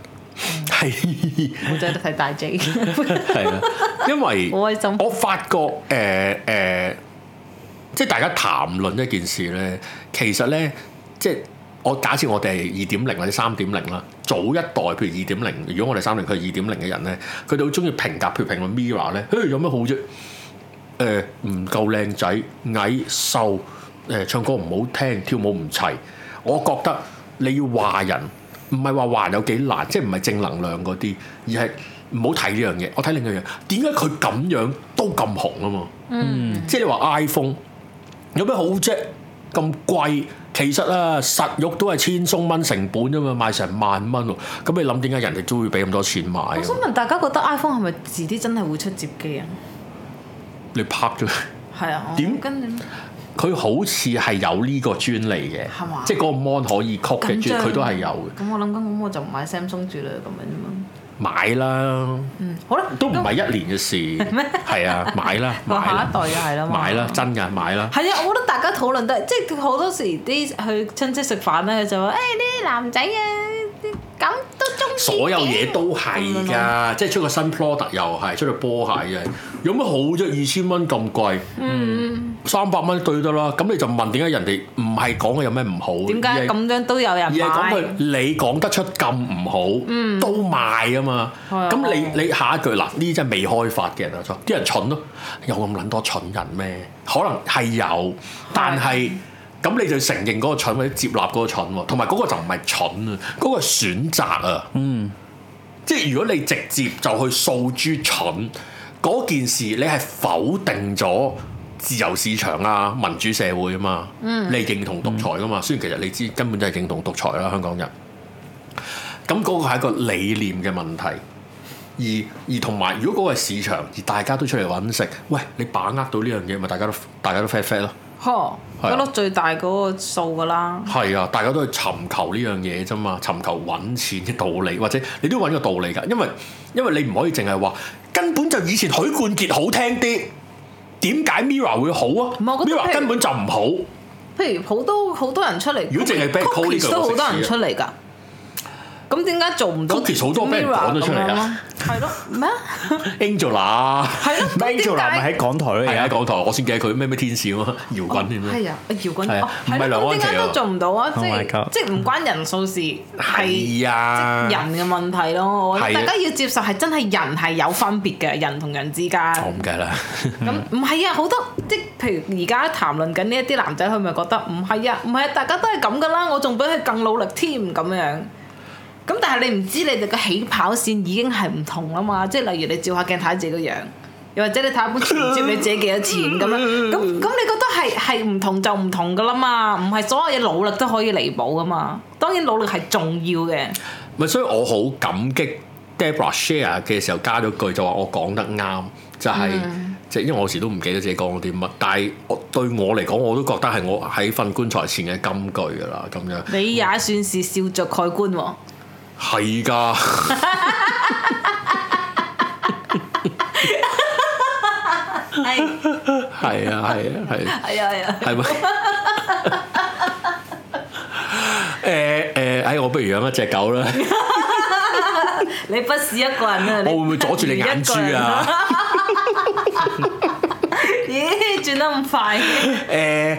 Speaker 2: 係，好在都睇大 J。係啊，因為我
Speaker 1: 發覺誒誒、呃呃呃，即係大家談論一件事咧，其實咧，即係。即我假設我哋二點零或者三點零啦，早一代譬如二點零，如果我哋三零佢係二點零嘅人咧，佢哋好中意評價譬如評論 Mirror 咧，誒有咩好啫？誒、呃、唔夠靚仔，矮瘦誒、呃、唱歌唔好聽，跳舞唔齊，我覺得你要話人，唔係話話有幾難，即係唔係正能量嗰啲，而係唔好睇呢樣嘢。我睇另一樣，點解佢咁樣都咁紅啊？嘛、嗯，嗯，即係你話 iPhone 有咩好啫？咁貴。其實啊，實玉都係千鬆蚊成本啫嘛，賣成萬蚊喎，咁你諗，點解人哋都會俾咁多錢買？我想
Speaker 2: 問大家覺得 iPhone 係咪遲啲真係會出摺機啊？
Speaker 1: 你拍咗
Speaker 2: 係啊？點樣？
Speaker 1: 佢好似係有呢個專利嘅，係嘛嗎？即係嗰個 mon 可以曲嘅專利，佢都係有嘅。
Speaker 2: 咁我諗緊，咁我就唔買 Samsung 住啦，咁、就是、樣啊。
Speaker 1: 買啦、嗯，
Speaker 2: 好啦，都唔係一
Speaker 1: 年嘅事，係 *laughs* 啊，買啦，買下一代就係啦了了，買啦，真㗎買啦，
Speaker 2: 係啊，我覺得大家討論得，即係好多時啲去親戚食飯咧，就話誒啲男仔啊。咁
Speaker 1: 都中所有嘢都係㗎，mm hmm. 即係出個新 product 又係，出對波鞋啊！有乜好啫？二千蚊咁貴，三百蚊對得啦。咁、hmm. 你就問點解人哋唔係講佢有咩唔好？點解
Speaker 2: 咁樣都有人買？
Speaker 1: 你講得出咁唔好，mm hmm. 都賣啊嘛！咁、
Speaker 2: mm hmm. 你你
Speaker 1: 下一句嗱，呢啲真係未開發嘅人，人啊，啲人蠢咯，有咁撚多蠢人咩？可能係有，但係。Mm hmm. 但咁你就承認嗰個蠢或者接納嗰個蠢，同埋嗰個就唔係蠢啊，嗰個、啊那個、選擇啊，嗯，即係如果你直接就去訴諸蠢嗰件事，你係否定咗自由市場啊、民主社會啊嘛，嗯，你認同獨裁噶嘛？嗯、雖然其實你知根本就係認同獨裁啦，香港人。咁嗰個係一個理念嘅問題，而而同埋如果嗰個係市場而大家都出嚟揾食，喂，你把握到呢樣嘢，咪大家都大家都 fit fit 咯。
Speaker 2: 呵，嗰粒、啊、最大嗰個數㗎啦。係
Speaker 1: 啊，大家都去尋求呢樣嘢啫嘛，尋求揾錢嘅道理，或者你都揾個道理㗎。因為因為你唔可以淨係話根本就以前許冠傑好聽啲，點解 Mirror 會好啊？Mirror 根本就唔好。
Speaker 2: 譬如好多好多人出嚟，如果淨係 back call 呢個，都好多人出嚟㗎。咁點解做唔到？好多嘢講咗出嚟啊，係咯咩啊？Angela 係咯，Angela 咪喺港
Speaker 1: 台咯，係啊，港台我先記得佢咩咩天使咯，搖滾添啊，係
Speaker 2: 啊，搖滾唔係梁安琪咯。咁點解都做唔到啊？即係即係唔關人數事，係
Speaker 1: 啊，人
Speaker 2: 嘅問題咯。我覺得大家要接受係真係人係有分別嘅，人同人之間。咁計啦，咁唔係啊？好多即係譬如而家談論緊呢一啲男仔，佢咪覺得唔係啊？唔係啊？大家都係咁噶啦，我仲比佢更努力添咁樣。咁但係你唔知你哋嘅起跑線已經係唔同啦嘛，即係例如你照下鏡睇下自己個樣，又或者你睇下本存摺你借幾多錢咁啦，咁咁 *laughs* 你覺得係係唔同就唔同噶啦嘛，唔係所有嘢努力都可以彌補噶嘛，當然努力係重要嘅。
Speaker 1: 咪所以我好感激 Deborah Share 嘅時候加咗句就話我講得啱，就係即係因為我時都唔記得自己講咗啲乜，但係我對我嚟講我都覺得係我喺份棺材前嘅金句噶啦，咁樣
Speaker 2: 你也算是笑着蓋棺喎。
Speaker 1: 係噶，係，係啊，係啊，係，係啊，係啊，係
Speaker 2: 咩？
Speaker 1: 誒誒，哎，我不如養一隻狗啦。
Speaker 2: 你不是一個人啊？我會唔會阻住你眼珠啊？咦，轉得咁快？誒
Speaker 1: 誒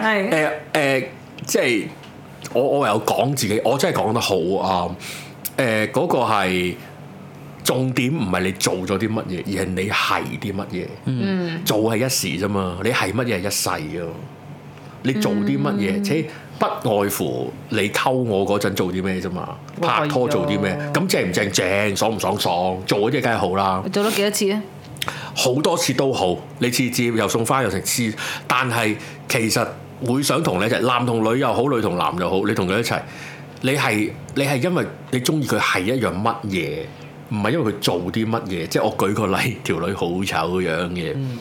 Speaker 1: 誒，即係我我有講自己，我真係講得好啱。誒嗰、呃嗰個係重點，唔係你做咗啲乜嘢，而係你係啲乜嘢。
Speaker 2: 嗯，
Speaker 1: 做係一時啫嘛，你係乜嘢係一世㗎。你做啲乜嘢，且、嗯、不外乎你溝我嗰陣做啲咩啫嘛，拍拖做啲咩，咁、哎、呦正唔正正，爽唔爽，爽爽，做啲嘢梗係好啦。
Speaker 2: 做咗幾多次啊？
Speaker 1: 好多次都好，你次次又送花又成次，但係其實會想同你一係男同女又好，女同男又好，你同佢一齊。你係你係因為你中意佢係一樣乜嘢？唔係因為佢做啲乜嘢？即係我舉個例，條女好醜樣嘅。嗯、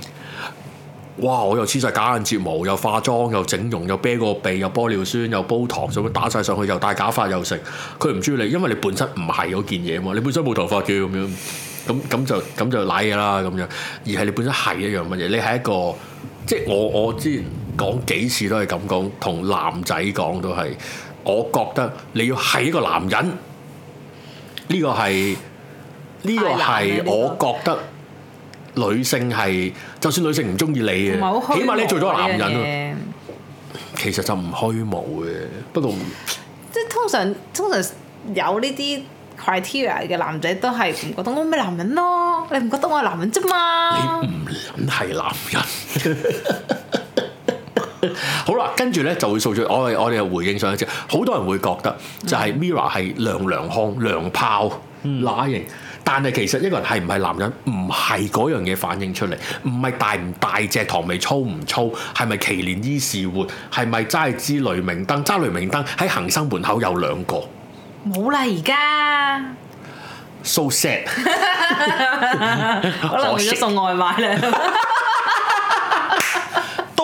Speaker 1: 哇！我又黐晒假眼睫毛，又化妝，又整容，又啤個鼻，又玻尿酸，又煲糖水，打晒上去，又戴假髮又，又食。佢唔中意你，因為你本身唔係嗰件嘢嘛。你本身冇頭髮嘅咁樣，咁咁就咁就瀨嘢啦咁樣。而係你本身係一樣乜嘢？你係一個，即係我我之前講幾次都係咁講，同男仔講都係。我覺得你要係一個男人，呢個係呢個係我覺得女性係，就算女性唔中意你嘅，起碼你做咗個男人啊。其實就唔虛無嘅，
Speaker 2: 不過即係通常通常有呢啲 criteria 嘅男仔都係唔覺得我咩男人咯，你唔覺得我係男人啫嘛？你唔
Speaker 1: 撚係男人。 *laughs* *laughs* 好啦，跟住咧就會數住我哋，我哋又回應上一次，好多人會覺得就係 Mirror 係娘娘腔、娘炮乸型、嗯，但係其實呢個人係唔係男人，唔係嗰樣嘢反映出嚟，唔係大唔大隻，糖味粗唔粗，係咪奇連伊士活，係咪齋支雷明燈？揸雷明燈喺恆生門口有兩個，
Speaker 2: 冇啦，而家，so sad，我攞住啲送外賣咧。 *laughs*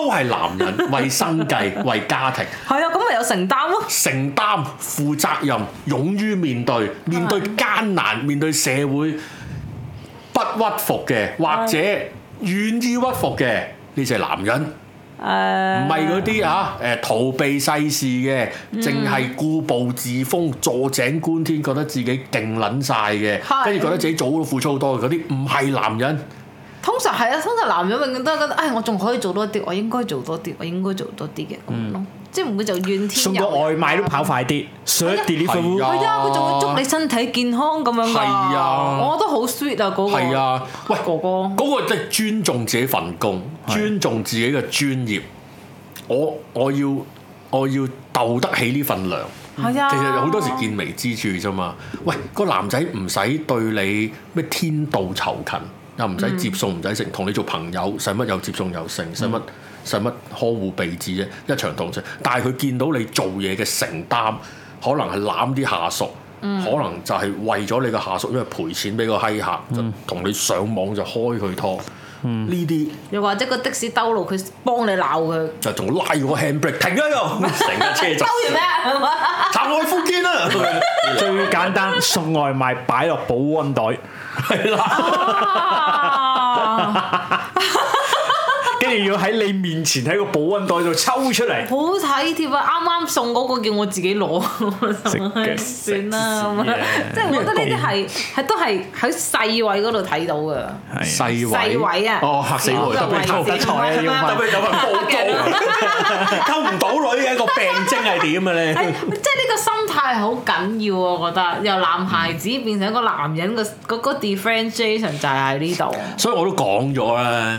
Speaker 1: *laughs* 都係男人為生計、為家庭，係啊， *laughs* 咁咪
Speaker 2: 有承擔咯？
Speaker 1: 承擔、負責任、勇於面對、面對艱難、面對社會不屈服嘅，或者願意屈服嘅呢隻男人，
Speaker 2: 唔係嗰
Speaker 1: 啲啊，uh, 逃避世事嘅，淨係固步自封、坐井觀天，覺得自己勁捻晒嘅，跟住覺得自己早都付出好多嗰啲，唔係男人。
Speaker 2: 通常係啊，通常男人永遠都覺得，唉，我仲可以做多啲，我應該做多啲，我應該做多啲嘅咁咯，即係唔會就怨天。送個外
Speaker 1: 賣都跑快啲，so delivery 係啊，佢仲會祝你
Speaker 2: 身體健康咁樣啊！我覺得好 sweet 啊嗰個。係
Speaker 1: 啊，喂哥哥，嗰個真係尊重自己份工，尊重自己嘅專業。我我要我要鬥得起呢份糧，其實好多時見微知著啫嘛。喂，個男仔唔使對你咩天道酬勤。又唔使接送，唔使食，同你做朋友使乜又接送又成，使乜使乜呵護備至啫，一場同情。但係佢見到你做嘢嘅承擔，可能係攬啲下屬，嗯、可能就係為咗你個下屬，因為賠錢俾個閪客，嗯、就同你上網就開佢拖。呢啲
Speaker 2: 又或者個的士兜路，佢幫你鬧佢，
Speaker 1: 就仲拉住個 handbrake 停咗度，成架車就 *laughs* 完咩
Speaker 2: 了？插 *laughs* 外福建啊！
Speaker 1: *laughs* *laughs* 最簡單送外賣擺落保溫袋，係啦。
Speaker 2: 跟住要喺你面前喺個保温袋度抽出嚟，好體貼啊！啱啱送嗰個叫我自己攞，算啦，即係我覺得呢啲係係都係喺細位嗰度睇到噶，
Speaker 1: 細位啊！哦，吓死我，特別有得睇啊！有份布布，抽唔到女嘅一個病徵係點嘅咧？
Speaker 2: 即係呢個心態好緊要啊！我覺得由男孩子變成一個男人嘅嗰個 differentiation 就係喺呢度，
Speaker 1: 所以我都講咗咧。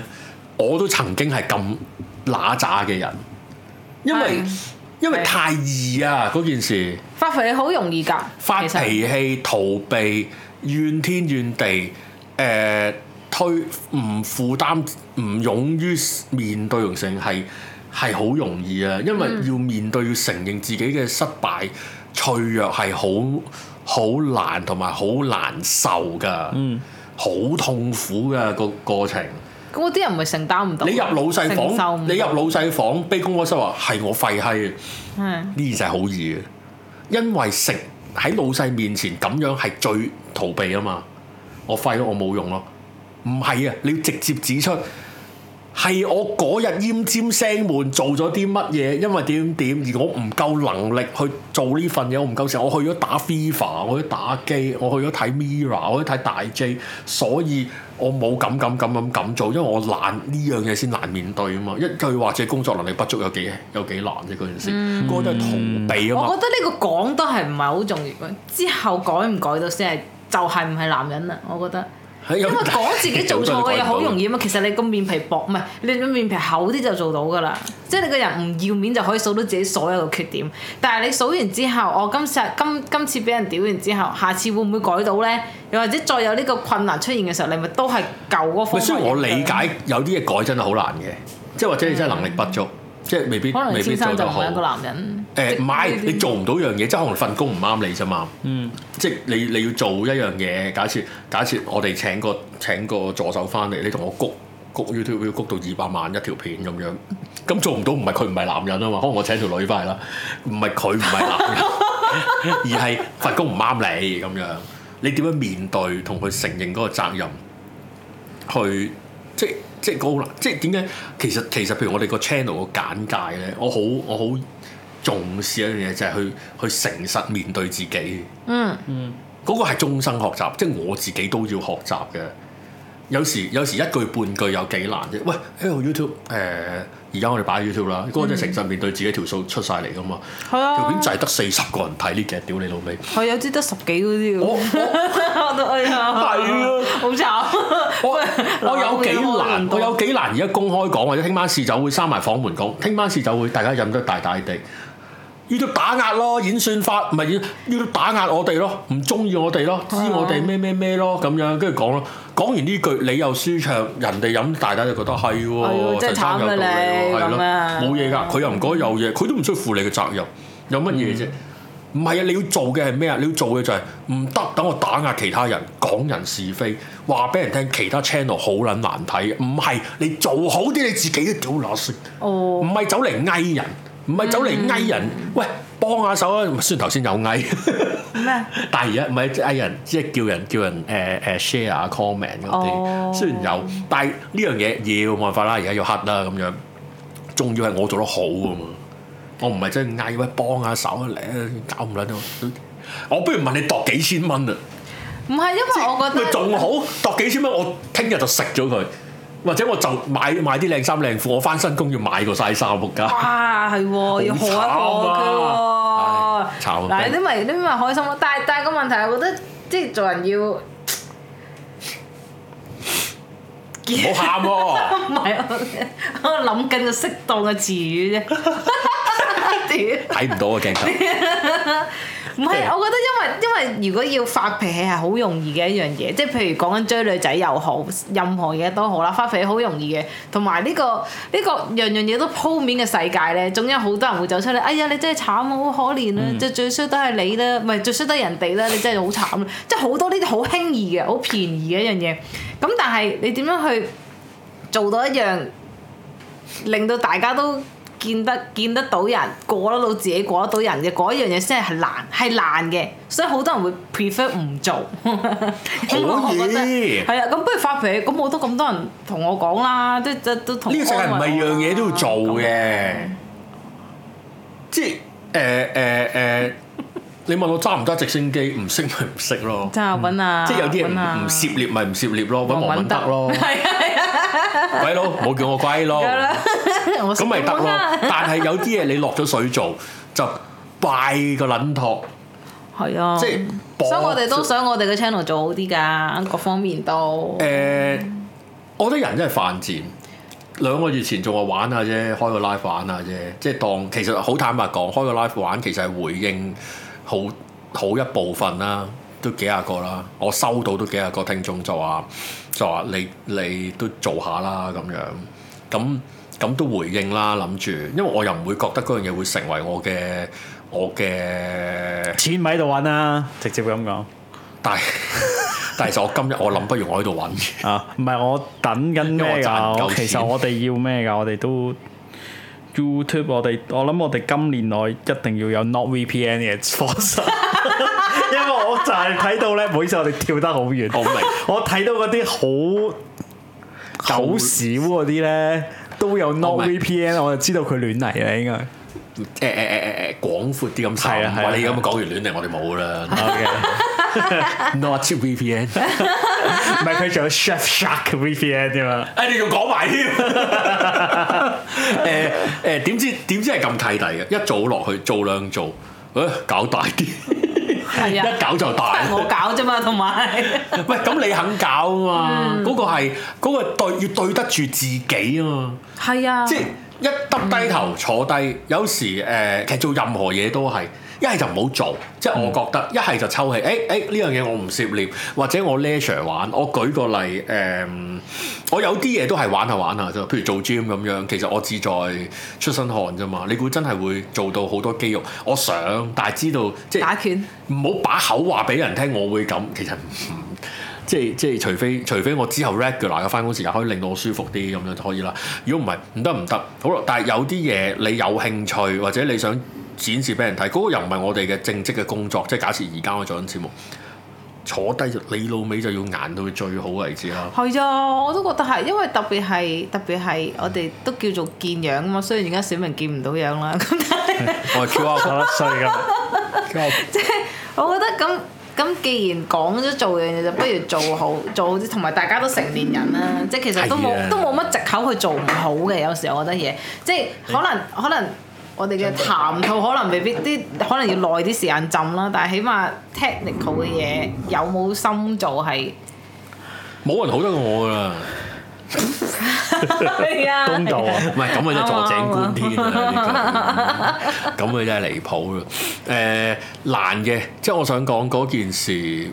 Speaker 1: 我都曾經係咁嗱喳嘅人，
Speaker 2: 因為因為太
Speaker 1: 易啊嗰件事
Speaker 2: 發，發脾氣好容易㗎，
Speaker 1: 發脾氣逃避怨天怨地，誒、呃、推唔負擔，唔勇於面對人性係好容易啊！因為要面對要承認自己嘅失敗、嗯、脆弱係好好難同埋好難受㗎，嗯，好痛苦嘅、個過程。
Speaker 2: 咁啲人咪承擔唔到？你入老細房，
Speaker 1: 你入老細房，卑躬屈膝話係我廢閪。呢件事係好易嘅，因為食喺老細面前咁樣係最逃避啊嘛！我廢咗，我冇用咯。唔係啊，你要直接指出係我嗰日奄尖聲悶做咗啲乜嘢，因為點點，而我唔夠能力去做呢份嘢，我唔夠成。我去咗打 FIFA，我去咗打機，我去咗睇 Mirror，我去睇大 J，所以。我冇咁咁咁咁咁做，因為我懶呢樣嘢先難面對啊嘛，一句，或者工作能力不足，有幾有幾難啫嗰陣時，嗰、嗯、個都係逃避啊嘛。我覺
Speaker 2: 得呢個講都係唔係好重要，之後改唔改到先係就係唔係男人啦，我覺得。
Speaker 1: 因為講自己做錯嘅嘢好容
Speaker 2: 易啊嘛，其實你個面皮薄，唔係你個面皮厚啲就做到㗎啦。即係你個人唔要面就可以數到自己所有嘅缺點，但係你數完之後，我今次今今次俾人屌完之後，下次會唔會改到咧？又或者再有呢個困難出現嘅時候，你咪都係舊嗰個。所以，我
Speaker 1: 理解、嗯、有啲嘢改真係好難嘅，即係或者你真係能力不足。嗯即係未必未必做得好個
Speaker 2: 男人。誒，唔係你做唔
Speaker 1: 到樣嘢，即係可能份工唔啱你啫嘛。嗯，即，即係你你要做一樣嘢，假設假設我哋請個請個助手翻嚟，你同我谷谷 YouTube 要谷到二百萬一條片咁樣，咁做唔到唔係佢唔係男人啊嘛，可能我請條女翻嚟啦，唔係佢唔係男人， *laughs* 而係份工唔啱你咁樣，你點樣面對同佢承認嗰個責任？去即係。即係講難，即係點解？其實其實，譬如我哋個 channel 個簡介咧，我好我好重視一樣嘢，就係、是、去去誠實面對自己。嗯嗯，嗰、嗯、個係終生學習，即係我自己都要學習嘅。有時有時一句半句有幾難啫？喂，喺 YouTube 誒、呃。而家我哋擺住條啦，嗰個真係誠實面對自己條數出晒嚟噶嘛？
Speaker 2: 係啊，條片就係
Speaker 1: 得四十個人睇呢隻，屌你老味。
Speaker 2: 我有啲得十幾嗰啲呀，係啊，好慘！
Speaker 1: 我我有幾難， *laughs* 我有幾難而家公，公開講，或者聽晚試酒會閂埋房門講，聽晚試酒會大家飲得大大地。要到打壓咯，演算法咪要要到打壓我哋咯，唔中意我哋咯，知我哋咩咩咩咯，咁樣跟住講咯。講完呢句你又舒暢，人哋飲大家就覺得係喎，即係慘啦你，係咯，冇嘢㗎，佢又唔覺得有嘢，佢都唔需要負你嘅責任，有乜嘢啫？唔係啊，你要做嘅係咩啊？你要做嘅就係唔得，等我打壓其他人，講人是非，話俾人聽，其他 channel 好撚難睇，唔係你做好啲，你自己都屌落雪，唔係、oh。走嚟翳人。唔係走嚟嗌人，嗯、喂幫下手啊！雖然頭先有嗌咩？但係而家唔係即嗌人，即係叫人叫人誒誒、呃呃呃、share comment 嗰啲，哦、雖然有，但係呢樣嘢要冇辦法啦，而家要黑啦咁樣。仲要係我做得好啊嘛，嗯、我唔係真係嗌喂幫下手嚟搞唔甩都。我不如問你度幾千蚊啊？
Speaker 2: 唔係因為我覺得佢仲即覺好
Speaker 1: 度幾千蚊，我聽日就食咗佢。或者我就買買啲靚衫靚褲，我翻新工要買個晒 i z e 衫㗎。我啊，
Speaker 2: 係喎學學，啊，好
Speaker 1: 慘㗎但慘然，
Speaker 2: 你咪你咪開心咯，但係但係個問題，我覺得即係，就是，做人要。唔好喊喎！唔係、啊、 *laughs* 我我諗緊個適當嘅詞語啫。屌
Speaker 1: 睇唔到個、啊、鏡
Speaker 2: 頭。唔 *laughs* 係是 *laughs* 我覺得，因為因為如果要發脾氣係好容易嘅一樣嘢，即係譬如講緊追女仔又好，任何嘢都好啦，發脾氣好容易嘅。同埋呢個呢、呢個樣樣嘢都鋪面嘅世界咧，總有好多人會走出嚟。哎呀，你真係慘，好可憐啊，嗯、最最衰都係你啦，唔係最衰得人哋啦，你真係好慘。即係好多呢啲好輕易嘅、好便宜嘅一樣嘢。咁但係你點樣去做到一樣令到大家都見得見得到人，過得到自己過得到人嘅嗰一樣嘢先係難，係難嘅，所以好多人會 prefer 唔做。好可惜，係啊，咁不如發脾氣，咁好多咁多人同我講啦，即係都同呢個世界唔係一樣
Speaker 1: 嘢都要做嘅，即係誒誒誒。你問我揸唔揸直升機，唔識咪唔識咯。揸
Speaker 2: 揾啊，即係有啲人唔
Speaker 1: 涉獵咪唔涉獵咯，揾王敏德咯。係啊
Speaker 2: *laughs* *laughs* 鬼佬
Speaker 1: 冇叫我乖咯。咁咪得咯。但係有啲嘢你落咗水做就拜個撚託。
Speaker 2: 係啊， *laughs* 即係。 *laughs* 所以我哋都想我哋嘅 channel 做好啲㗎，各方面都。
Speaker 1: 誒、呃，我覺得人真係犯賤。兩個月前仲話玩，玩下啫，開個 live 玩下啫，即係當其實好坦白講，開個 live 玩其實係回應。好好一部分啦，都幾廿個啦，我收到都幾廿個聽眾就話就話你你都做下啦咁樣，咁咁都回應啦，諗住，因為我又唔會覺得嗰樣嘢會成為我嘅我嘅錢喺度揾啦，直接咁講。但但、 *laughs* 啊、其實我今日我諗，不如我喺度揾啊，唔係我等緊我其實我哋要咩㗎？我哋都。YouTube 我哋我諗我哋今年內一定要有 Not VPN 嘅措施，
Speaker 2: *laughs* *laughs*
Speaker 1: 因為我就係睇到咧，每次我哋跳得好遠，好明，我睇到嗰啲好好狗屎嗰啲咧都有 Not VPN，我，我就知道佢亂嚟啦，應該。誒誒誒誒誒廣闊啲咁深，唔係、啊啊啊、你咁講完亂嚟，我哋冇啦。 *laughs* OK，not Okay. *laughs* VPN，唔係佢仲有 Chef Shark VPN 啫嘛。誒、欸、你仲講埋添？誒誒點知點知係咁契弟嘅？一早落去做兩做，誒、欸、搞大啲，
Speaker 2: *laughs* 啊、 *laughs* 一搞
Speaker 1: 就大。我
Speaker 2: 搞啫嘛，同埋， *laughs* 喂咁你
Speaker 1: 肯搞啊嘛？嗰、嗯、個係嗰、嗰個嗰個要對得住自己啊
Speaker 2: 嘛。係啊，即係。
Speaker 1: 一耷低頭坐低，有時誒、呃、其實做任何嘢都係一係就唔好做，即係我覺得一係、嗯、就抽氣。誒誒呢樣嘢我唔涉獵，或者我 leisure 玩。我舉個例誒、呃，我有啲嘢都係玩下玩下啫。譬如做 gym 咁樣，其實我志在出身汗啫嘛。你估真係會做到好多肌肉？我想，但係知道即係打拳，唔好把口話俾人聽。我會咁，其實唔。嗯即係即係，除非除非我之後 regular 嘅翻工時間可以令到我舒服啲咁樣就可以啦。如果唔係唔得唔得好咯。但係有啲嘢你有興趣或者你想展示俾人睇，嗰個又唔係我哋嘅正職嘅工作。即係假設而家我做緊節目，坐低你老尾就要挨到佢最好位置啦。
Speaker 2: 係啊，我都覺得係，因為特別係特別係我哋都叫做見樣啊嘛。雖然而家小明見唔到樣啦，但
Speaker 1: *laughs* 我係 Q 啊，十一歲咁。即係
Speaker 2: 我覺得咁。 *laughs* *laughs* 咁既然講咗做樣嘢，就不如做好，做好做啲，同埋大家都成年人啦，即係其實都冇的都冇乜藉口去做唔好嘅。有時候我覺得嘢，即係可能的可能我哋嘅談吐可能未必啲，可能要耐啲時間浸啦，但係起碼 technical 嘅嘢有冇心做係
Speaker 1: 冇人好得我㗎啦。道 *laughs* 奏啊， *laughs* 唔係咁，佢真係坐井觀天啊！咁佢真係離譜啦！誒、呃，難嘅，即係我想講嗰件事，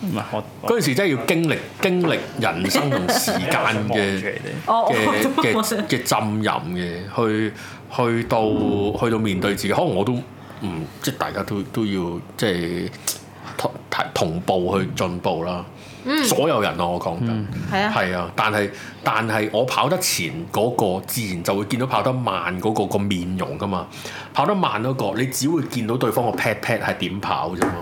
Speaker 1: 唔係我嗰件事真係要經歷經歷人生同時間嘅嘅嘅浸淫嘅，去去到 *laughs* 去到面對自己，可能我都唔、嗯、即係大家都都要即係同同步去進步啦。嗯、所有人咯、啊，我講緊，係、嗯、啊，係啊，但係但係我跑得前嗰個，自然就會見到跑得慢嗰個個面容噶嘛。跑得慢嗰個，你只會見到對方個 pat pat 係點跑啫嘛。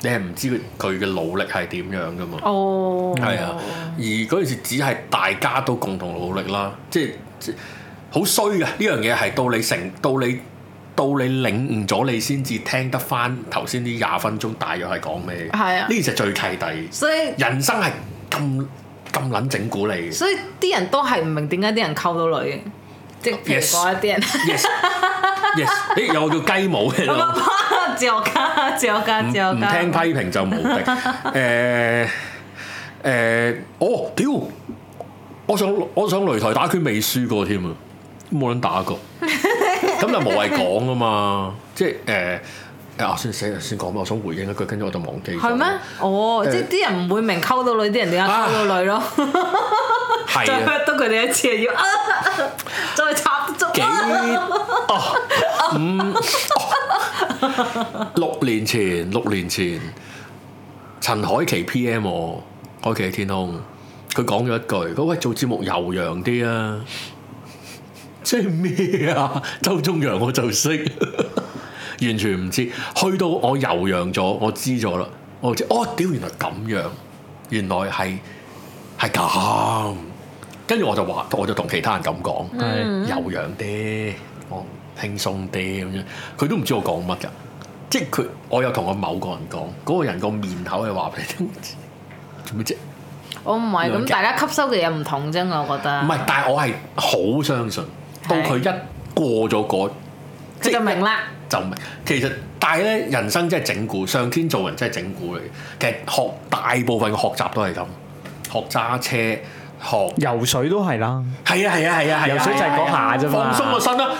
Speaker 1: 你係唔知佢嘅努力係點樣噶嘛。
Speaker 2: 哦，係啊。
Speaker 1: 而嗰陣時只係大家都共同努力啦，即係好衰嘅呢樣嘢係到你成到你。到你領悟咗，你先至聽得翻頭先呢廿分鐘大約係講咩？係啊，呢隻最契弟，所以人生係咁咁撚整蠱你。所
Speaker 2: 以啲人都係唔明點解啲人溝到女，即係嗰一啲人。
Speaker 1: 咦，有個叫雞舞嘅，阿
Speaker 2: 自學家，自學家，自唔聽批
Speaker 1: 評就無敵。誒誒、 *laughs* 哎哎哎，哦屌！我上我上擂台打佢未輸過添啊，冇撚打過。咁就 *laughs* 無謂講啊嘛，即係誒啊，先寫先講啦，我想回應一句，跟住我就忘記。係
Speaker 2: 咩？哦，呃、即係啲人唔會明溝到女，啲人點解溝到女咯？啊、 *laughs* 再屈多佢哋一次要、啊，再插足、啊、幾？哦、啊、哦，六年前，
Speaker 1: 六年前，六年前陳海琪 PM 我，海琪天空，佢講咗一句：喂做節目悠揚啲啊！即係咩啊？周中陽我就識，完全唔知。去到我悠揚咗，我知咗啦。我知哦，屌原來咁樣，原來係係咁。跟住我就話，我就同其他人咁講，悠揚啲，我輕鬆啲咁樣。佢都唔知我講乜噶。即係佢，我有同我某個人講，嗰、那個人個面口係話俾你聽做咩啫。
Speaker 2: 我唔係咁，oh, 這樣 大家吸收嘅嘢唔同啫。我覺得唔係，
Speaker 1: 但係我係好相信。到佢一過咗嗰，
Speaker 2: 即係明啦，
Speaker 1: 就明。其實，但係咧，人生真係整蠱，上天做人真係整蠱嚟。其實學大部分嘅學習都係咁，學揸車、學游水都係啦。係啊，係啊，係啊，游水就係嗰下啫嘛。放鬆個身啦，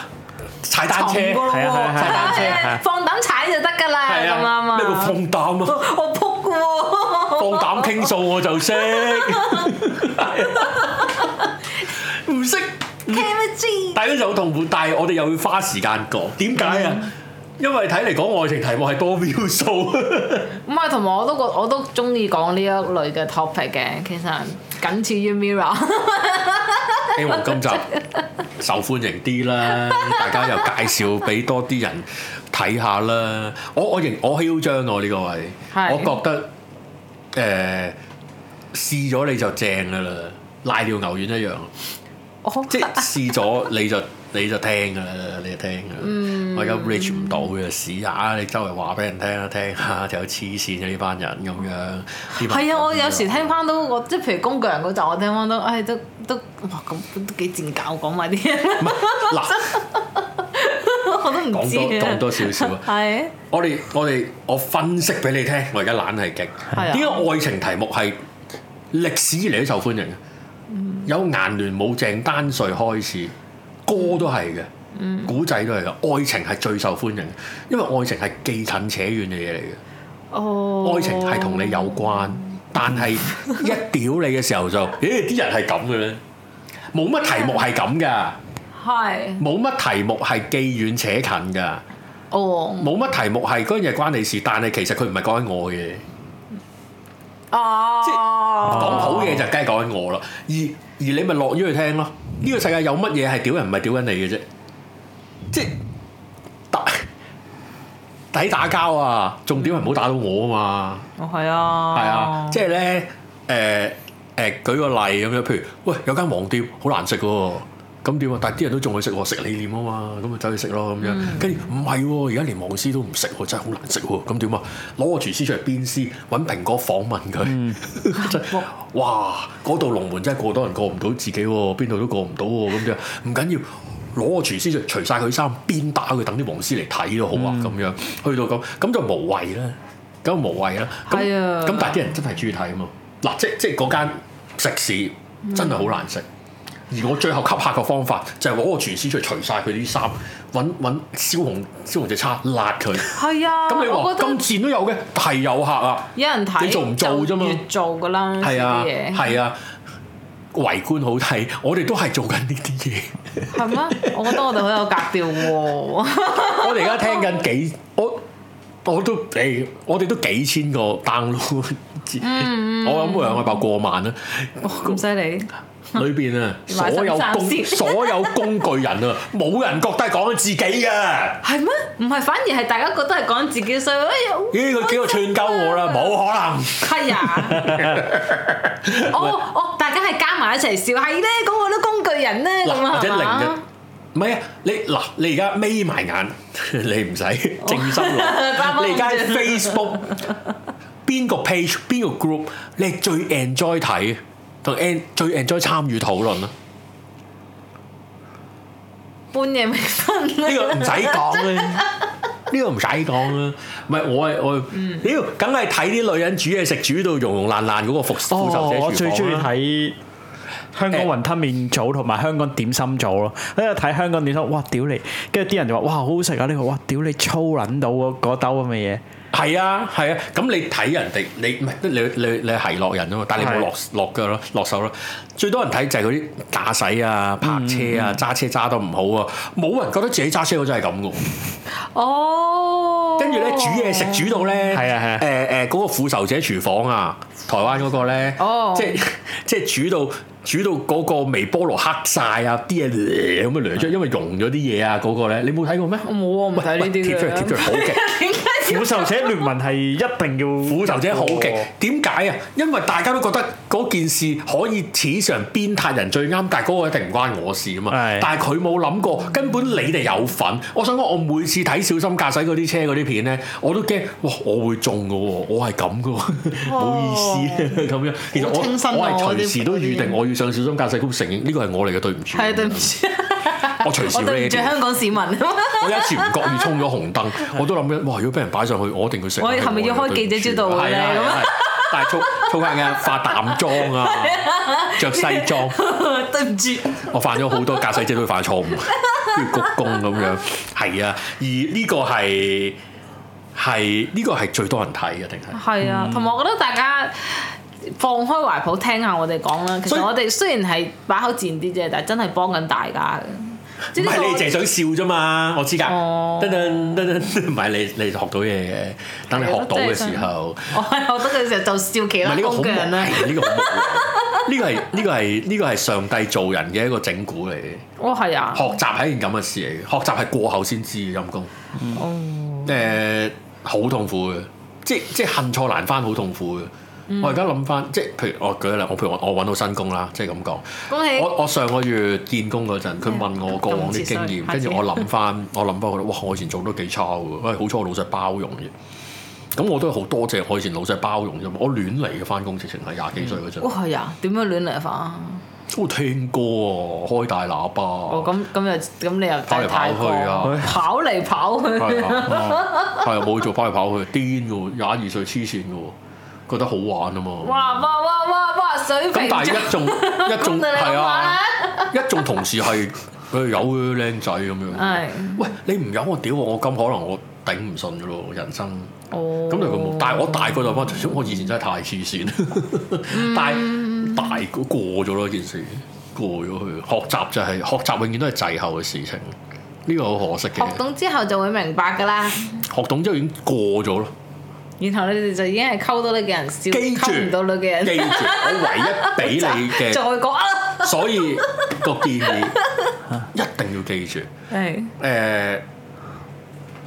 Speaker 1: 踩單車，踩單車，
Speaker 2: 放膽踩就得噶啦。咁啊嘛，咩叫放
Speaker 1: 膽啊？我
Speaker 2: 撲過放膽
Speaker 1: 傾數我就識，
Speaker 2: 唔識。
Speaker 1: 大係就好痛苦，但係我哋又要花時間講，點解啊？嗯、因為睇嚟講，愛情題目係多 view 數。
Speaker 2: 唔 *laughs* 係，同埋我都覺，我都中意講呢一類嘅 topic 嘅。其實僅次於 Mirror，
Speaker 1: 希望今集受歡迎啲啦， *laughs* 大家又介紹俾多啲人睇下啦。我我認我囂張呢個位，是我覺得誒試咗你就正噶啦，瀨尿牛丸一樣。 *music* 即係試咗你就你就聽㗎啦，你就聽㗎
Speaker 2: 啦。我而家
Speaker 1: reach 唔到嘅，試下你周圍話俾人聽啦，聽下就有黐線嘅呢班人咁、mm. 樣。係啊，我有時
Speaker 2: 聽翻到我即係譬如工具人嗰集，我聽翻都唉都都哇咁都幾戇鳩講埋啲嘢，嗱，我都唔 *laughs* 說 *laughs* 知講多講多少少啊？係 *laughs* 的。
Speaker 1: 我哋我哋我分析俾你聽，我而家懶係勁。係啊。點 *noise* 解樂的愛情題目係歷史嚟都受歡迎嘅？有顏聯武鄭丹瑞開始，歌都係嘅，古仔都係嘅，愛情係最受歡迎，因為愛情係既近且遠嘅嘢嚟嘅。哦，
Speaker 2: 愛情係同你
Speaker 1: 有關，但係一屌你嘅時候就，咦、哎？啲人係咁嘅咩？冇乜題目係咁嘅，
Speaker 2: 係冇
Speaker 1: 乜題目係既遠且近嘅。哦，冇乜題目係嗰樣嘢關你事，但係其實佢唔係講緊我嘅。哦、
Speaker 2: 啊，
Speaker 1: 即係講好嘢就梗係講緊我啦，而而你咪樂於去聽咯，呢、這個世界有乜嘢係屌人唔係屌緊你嘅啫？
Speaker 2: 即係
Speaker 1: 抵打交啊，仲屌人唔好打到我啊嘛。哦，
Speaker 2: 係啊。係啊，
Speaker 1: 即係咧，誒、呃、誒、呃，舉個例咁樣，譬如喂，有間黃店好難食喎。咁點啊？但係啲人都仲去食喎，食理念啊嘛，咁咪走去食咯咁樣。跟住唔係喎，而家連黃絲都唔食喎，真係好難食喎。咁點啊？攞個廚師出嚟鞭屍，揾蘋果訪問佢，嗯嗯，哇嗰度龍門真係過多人過唔到自己喎，邊度都過唔到喎。咁樣唔緊要，攞個廚師出嚟除晒佢衫，鞭打佢，等啲黃絲嚟睇咯，好啊、嗯，咁樣去到咁咁就無謂啦，咁無謂啦。咁咁但係啲人真係鍾意睇啊嘛。嗱，即即係嗰間食肆真係好難食。而我最後吸客嘅方法就係攞個廚師出嚟除晒佢啲衫，揾揾燒紅燒紅隻叉焫佢。
Speaker 2: 係 *laughs* 啊，咁你話
Speaker 1: 咁賤都有嘅，係有客啊！有
Speaker 2: 人睇，你做唔做啫嘛？越做㗎啦，係啊，係
Speaker 1: 啊，圍觀好睇。我哋都係做緊呢啲嘢。
Speaker 2: 係咩？我覺得我哋好有格調喎、
Speaker 1: 啊。 *laughs* 我哋而家聽緊幾我我都誒，我哋都，、哎、都幾千個 download。嗯、我諗會唔會爆過萬咧？
Speaker 2: 咁犀利！ *laughs* 啊
Speaker 1: 裏邊啊，所有工所有工具人啊，冇人覺得係講緊自己嘅，
Speaker 2: 係咩？ *laughs* 唔係，反而係大家覺得係講緊自己想。
Speaker 1: 呢佢幾個串鳩我啦？冇可能。係啊呀，哦，
Speaker 2: 我大家係加埋一齊笑，係咧，咁我都工具人咧。或者零
Speaker 1: 嘅，唔係啊？你嗱，你而家眯埋眼， *laughs* 你唔使正心 *laughs* *laughs* 你而家在 Facebook 邊 *laughs* 個 page 邊個 group，你最 enjoy 睇？同最 enjoy 參與討論啦，
Speaker 2: 半夜未瞓呢個唔使講
Speaker 1: 咧，呢 *laughs* 個唔使講啦。唔係我係我屌，梗係睇啲女人煮嘢食，煮到融融爛爛嗰個復仇者。哦，我最中意睇香港雲吞麵組同埋香港點心組咯。喺度睇香港點心，哇屌你！跟住啲人就話：哇好好食啊呢、這個！哇屌你粗撚到嗰嗰兜咁嘅嘢？係啊，係啊，咁你睇人哋你唔係，你你你係落人啊嘛，但係你冇落落腳咯，落手咯。最多人睇就係嗰啲駕駛啊、泊車啊、揸車揸得唔好啊，冇人覺得自己揸車好就係咁噶。哦，
Speaker 2: 跟住咧煮嘢食
Speaker 1: 煮到咧，係啊係啊，誒誒嗰個《復仇者廚房》啊，台灣嗰個咧，即係即係煮到煮到嗰個微波爐黑晒啊，啲嘢咁樣掠出，因為溶咗啲嘢啊。嗰個咧你冇睇過咩？我冇啊，唔睇呢啲嘢。貼出嚟貼出嚟，好勁。《復仇者聯盟》係一定要，《復仇者》好勁。點解啊？因為大家都覺得嗰件事可以史上鞭撻人最啱，但嗰個一定唔關我事啊嘛。是的 但係佢冇諗過，根本你哋有份。我想講，我每次睇小心駕駛嗰啲車嗰啲片呢，我都驚，哇！我會中嘅喎，我係咁嘅
Speaker 2: 喎，冇、哦、意思
Speaker 1: 咁樣。其實我我係隨時都預定我要上小心駕駛，咁承認呢個係我嚟嘅，對唔住。係
Speaker 2: 對唔住。 *laughs*
Speaker 1: 我隨時你。我對住香
Speaker 2: 港市民。 *laughs* 我有一次唔覺
Speaker 1: 意衝咗紅燈，是我都諗一，哇，如果俾人擺上去，我一定會食。我係咪要開記者招待會咧？啊，啊，啊，啊，啊，啊。但係粗粗硬嘅化淡妝啊，
Speaker 2: 着、啊、西裝、 *laughs* 哦。對唔住。
Speaker 1: 我犯咗好多駕駛者都犯嘅錯誤，跟住鞠躬咁樣，係啊。而呢個係係呢個係最多人睇嘅定係。係啊，嗯、同
Speaker 2: 埋我覺得大家放開懷抱聽下我哋講啦。其實以我哋雖然係把口賤啲啫，但係真係幫緊大家嘅。唔係你淨係想
Speaker 1: 笑啫嘛，我知噶。噔噔噔噔，唔係你你學到嘢嘅，等你學到嘅時候，
Speaker 2: 時後我係學到嘅時候就笑其他工嘅人呢個好唔好？呢、 *laughs* 這個
Speaker 1: 係呢個係呢個係上帝做人嘅一個整蠱嚟。
Speaker 2: 哦，係啊！學習
Speaker 1: 係一件咁嘅事嚟嘅，學習係過後先知嘅。陰功。嗯、哦、嗯，誒、呃，好痛苦嘅，即係即係恨錯難返，好痛苦嘅。嗯、我而家諗翻，即係譬如我舉例，我譬如我我揾到新工啦，即係咁講。恭喜我我上個月見工嗰陣，佢問我過往啲經驗，跟住相字我諗翻，我諗翻覺得，哇！我以前做得幾差嘅，喂，好彩我老細包容嘅。咁我都好多謝我以前老細包容啫。我亂嚟嘅翻工，直情係廿幾歲嗰陣。哇、嗯
Speaker 2: 喔！係啊，點樣亂嚟翻？
Speaker 1: 我聽歌啊，開大喇叭。哦，咁咁又咁你又跑嚟跑去啊？ *laughs*
Speaker 2: 跑嚟跑去。
Speaker 1: 係 *laughs* *laughs* 啊，冇做跑嚟跑去，癲喎，廿二歲黐線嘅喎。覺得好玩啊嘛！
Speaker 2: 哇哇哇哇哇，水平咁但係一眾
Speaker 1: 一眾係 *laughs* 啊， *laughs* 一眾同事係佢、哎、有靚仔咁樣。係是喂，你唔有我屌我，我咁可能我頂唔順噶咯，人生。哦。咁就佢冇，但係我大個就翻，我以前真係太黐線，但 *laughs* 係大，大過咗咯件事，過咗去。學習就係、是、學習，永遠都係滯後嘅事情。呢、這個好可惜嘅。學懂
Speaker 2: 之後就會明白噶啦。
Speaker 1: 學懂之後已經過咗咯。
Speaker 2: 然後你哋就已經係溝到你嘅人，笑住唔到你嘅人。記住，我唯一俾你嘅再講。
Speaker 1: *laughs* 所以、個建議一定要記住。誒、 *laughs* 呃，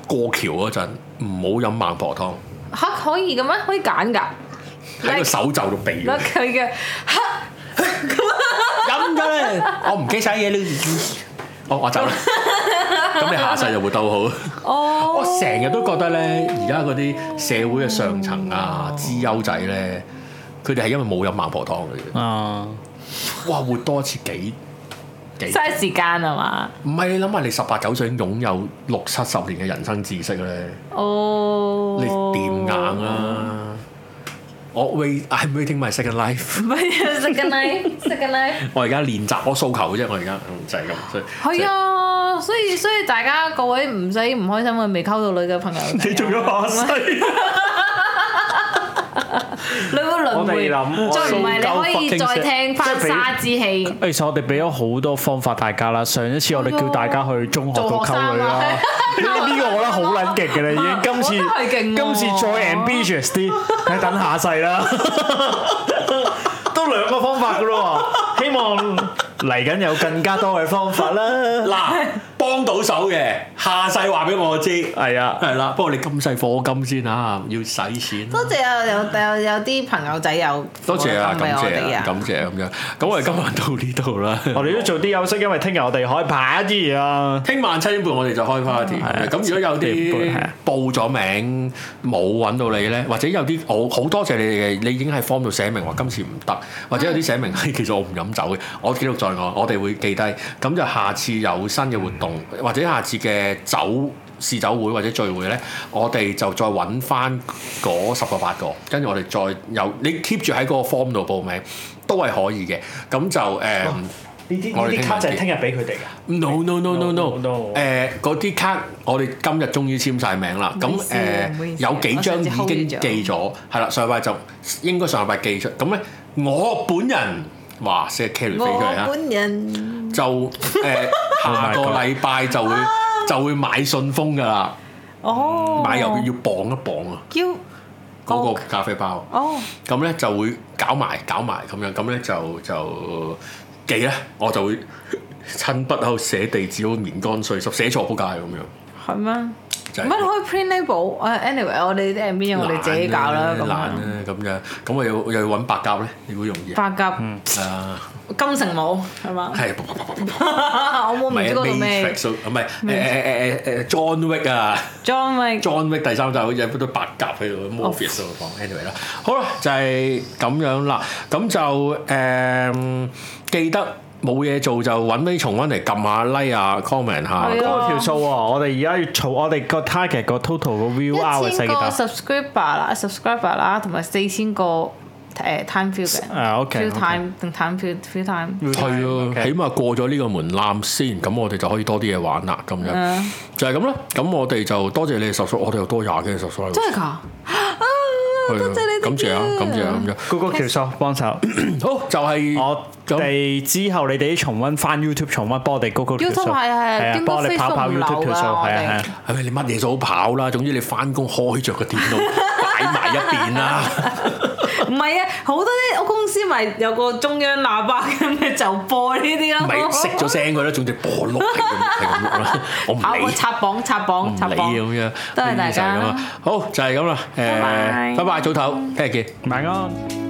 Speaker 1: 過橋嗰陣唔好飲孟婆湯。
Speaker 2: 嚇可以嘅咩？可以揀㗎。
Speaker 1: 喺個手袖度俾佢嘅。
Speaker 2: 嚇飲
Speaker 1: 咗啦！我唔記晒嘢你。哦、我我走啦，
Speaker 2: 咁 *laughs* 你下世
Speaker 1: 就會鬥好。
Speaker 2: *laughs* oh, 我
Speaker 1: 成日都覺得咧，而家嗰啲社會嘅上層啊、資優、oh. 仔咧，佢哋係因為冇飲孟婆湯嘅啫。Oh. 哇！活多一次幾幾？嘥時間啊嘛！唔係你諗下，你十八九歲擁有六七十年嘅人生知識咧
Speaker 2: ，oh. 你掂硬啊。
Speaker 1: 我會係唔會聽埋 second life？
Speaker 2: 唔係 s e c *laughs* o n d life，second life second。
Speaker 1: Life. *laughs* 我而家練習我訴求啫，我而家就係、是、咁。係 *laughs* 啊，
Speaker 2: 所以所以大家各位唔使唔開心啊，未溝到女嘅朋，朋友，你仲
Speaker 1: 有下世？
Speaker 2: 你會輪迴，
Speaker 1: 再唔係你可以再聽翻沙
Speaker 2: 之氣。
Speaker 1: 其實我哋俾咗好多方法大家啦。上一次我哋叫大家去中學度溝女啦。 *laughs* 生 *laughs* 呢個 *laughs* 我覺得好撚極嘅啦，已經。今次今次再 ambitious 啲，睇等下世啦。 *laughs* 都兩個方法噶咯喎，希望嚟緊有更加多嘅方法啦。嗱。幫到手嘅，下世話俾我知，係啊，係啦。不過你今世課金先啊，要使錢。多
Speaker 2: 謝有有有啲朋友仔有，多謝啊，感謝啊，感
Speaker 1: 謝咁樣。咁我哋今晚到呢度啦。我哋都做啲休息，因為聽日我哋可以排一啲嘢啊。聽晚七點半我哋就開 party。咁如果有啲報咗名冇揾到你咧，或者有啲好好多謝你哋，嘅。你已經喺 form 度寫明話今次唔得，或者有啲寫明係其實我唔飲酒嘅，我記錄在我，我哋會記低。咁就下次有新嘅活動。或者下次嘅酒試酒會或者聚會咧，我哋就再揾翻嗰十個八個，跟住我哋再有你 keep 住喺嗰個 form 度報名都係可以嘅。咁就誒，呢啲呢啲卡就係聽日俾佢哋啊！No no no no no！誒、no, no, no. 呃，嗰啲卡我哋今日終於簽晒名啦。咁誒、啊，呃啊、有幾張已經寄咗，係啦、嗯，上禮拜就應該上禮拜寄出。咁咧，我本人哇，send Kerry 俾佢啊！試試我本人。他 *laughs* 就誒下個禮拜就會 *laughs* 就會買信封噶啦
Speaker 2: ，oh, 買郵票要
Speaker 1: 磅一磅啊！叫嗰 You, 個咖啡包哦，咁咧、oh. 就會搞埋搞埋咁樣，咁咧就就寄咧，我就會親筆喺度寫地址，好棉乾水濕寫錯撲街咁樣，
Speaker 2: 係咩嗎？唔係可以 print label 誒、uh,？anyway，我哋啲 m a 我哋自己搞啦，咁呢樣
Speaker 1: 咁樣咁我又又要揾白鴿咧，你好容易白鴿嗯係啊。 *laughs*
Speaker 2: 金城武係嘛？係，我冇唔知嗰度咩。唔係，唔
Speaker 1: 係，誒誒誒誒，John Wick 啊。John Wick。John Wick 第三集好似入咗都百夾喺度。Morpheus 喺度講，Anyway 啦。好啦，就係咁樣啦。咁就誒記得冇嘢做就揾啲重溫嚟撳下 like 啊，comment 下。我條數啊！我哋而家要做我哋個 target 個 total 個 view hour 先得。一千個
Speaker 2: subscriber 啦，subscriber 啦，同埋四千個。誒 time feel d 嘅，feel time
Speaker 1: 定 time feel d feel d time，係啊，起碼過咗呢個門檻先，咁我哋就可以多啲嘢玩啦。咁樣就係咁啦。咁我哋就多謝你哋十叔，我哋又多廿幾個十叔。真係㗎，多謝你，感謝啊，感謝啊，咁樣。高高條數幫手，好就係我哋之後，你哋重溫翻 YouTube 重溫，幫我哋高高條數，係係，幫你跑跑 YouTube 條數，係啊係。唉，你乜嘢數都跑啦，總之你翻工開著個電腦擺埋一邊啦。
Speaker 2: 唔係 *laughs* 啊，好多啲我公司咪有個中央喇叭咁 *laughs* 嘅就播呢啲咯，咪
Speaker 1: 熄咗聲佢咯，總之播落嚟咁樣啦，我唔理，插榜插榜插榜咁樣，都係大家好就係咁啦，誒，拜拜，拜，拜早唞，聽日見，晚安。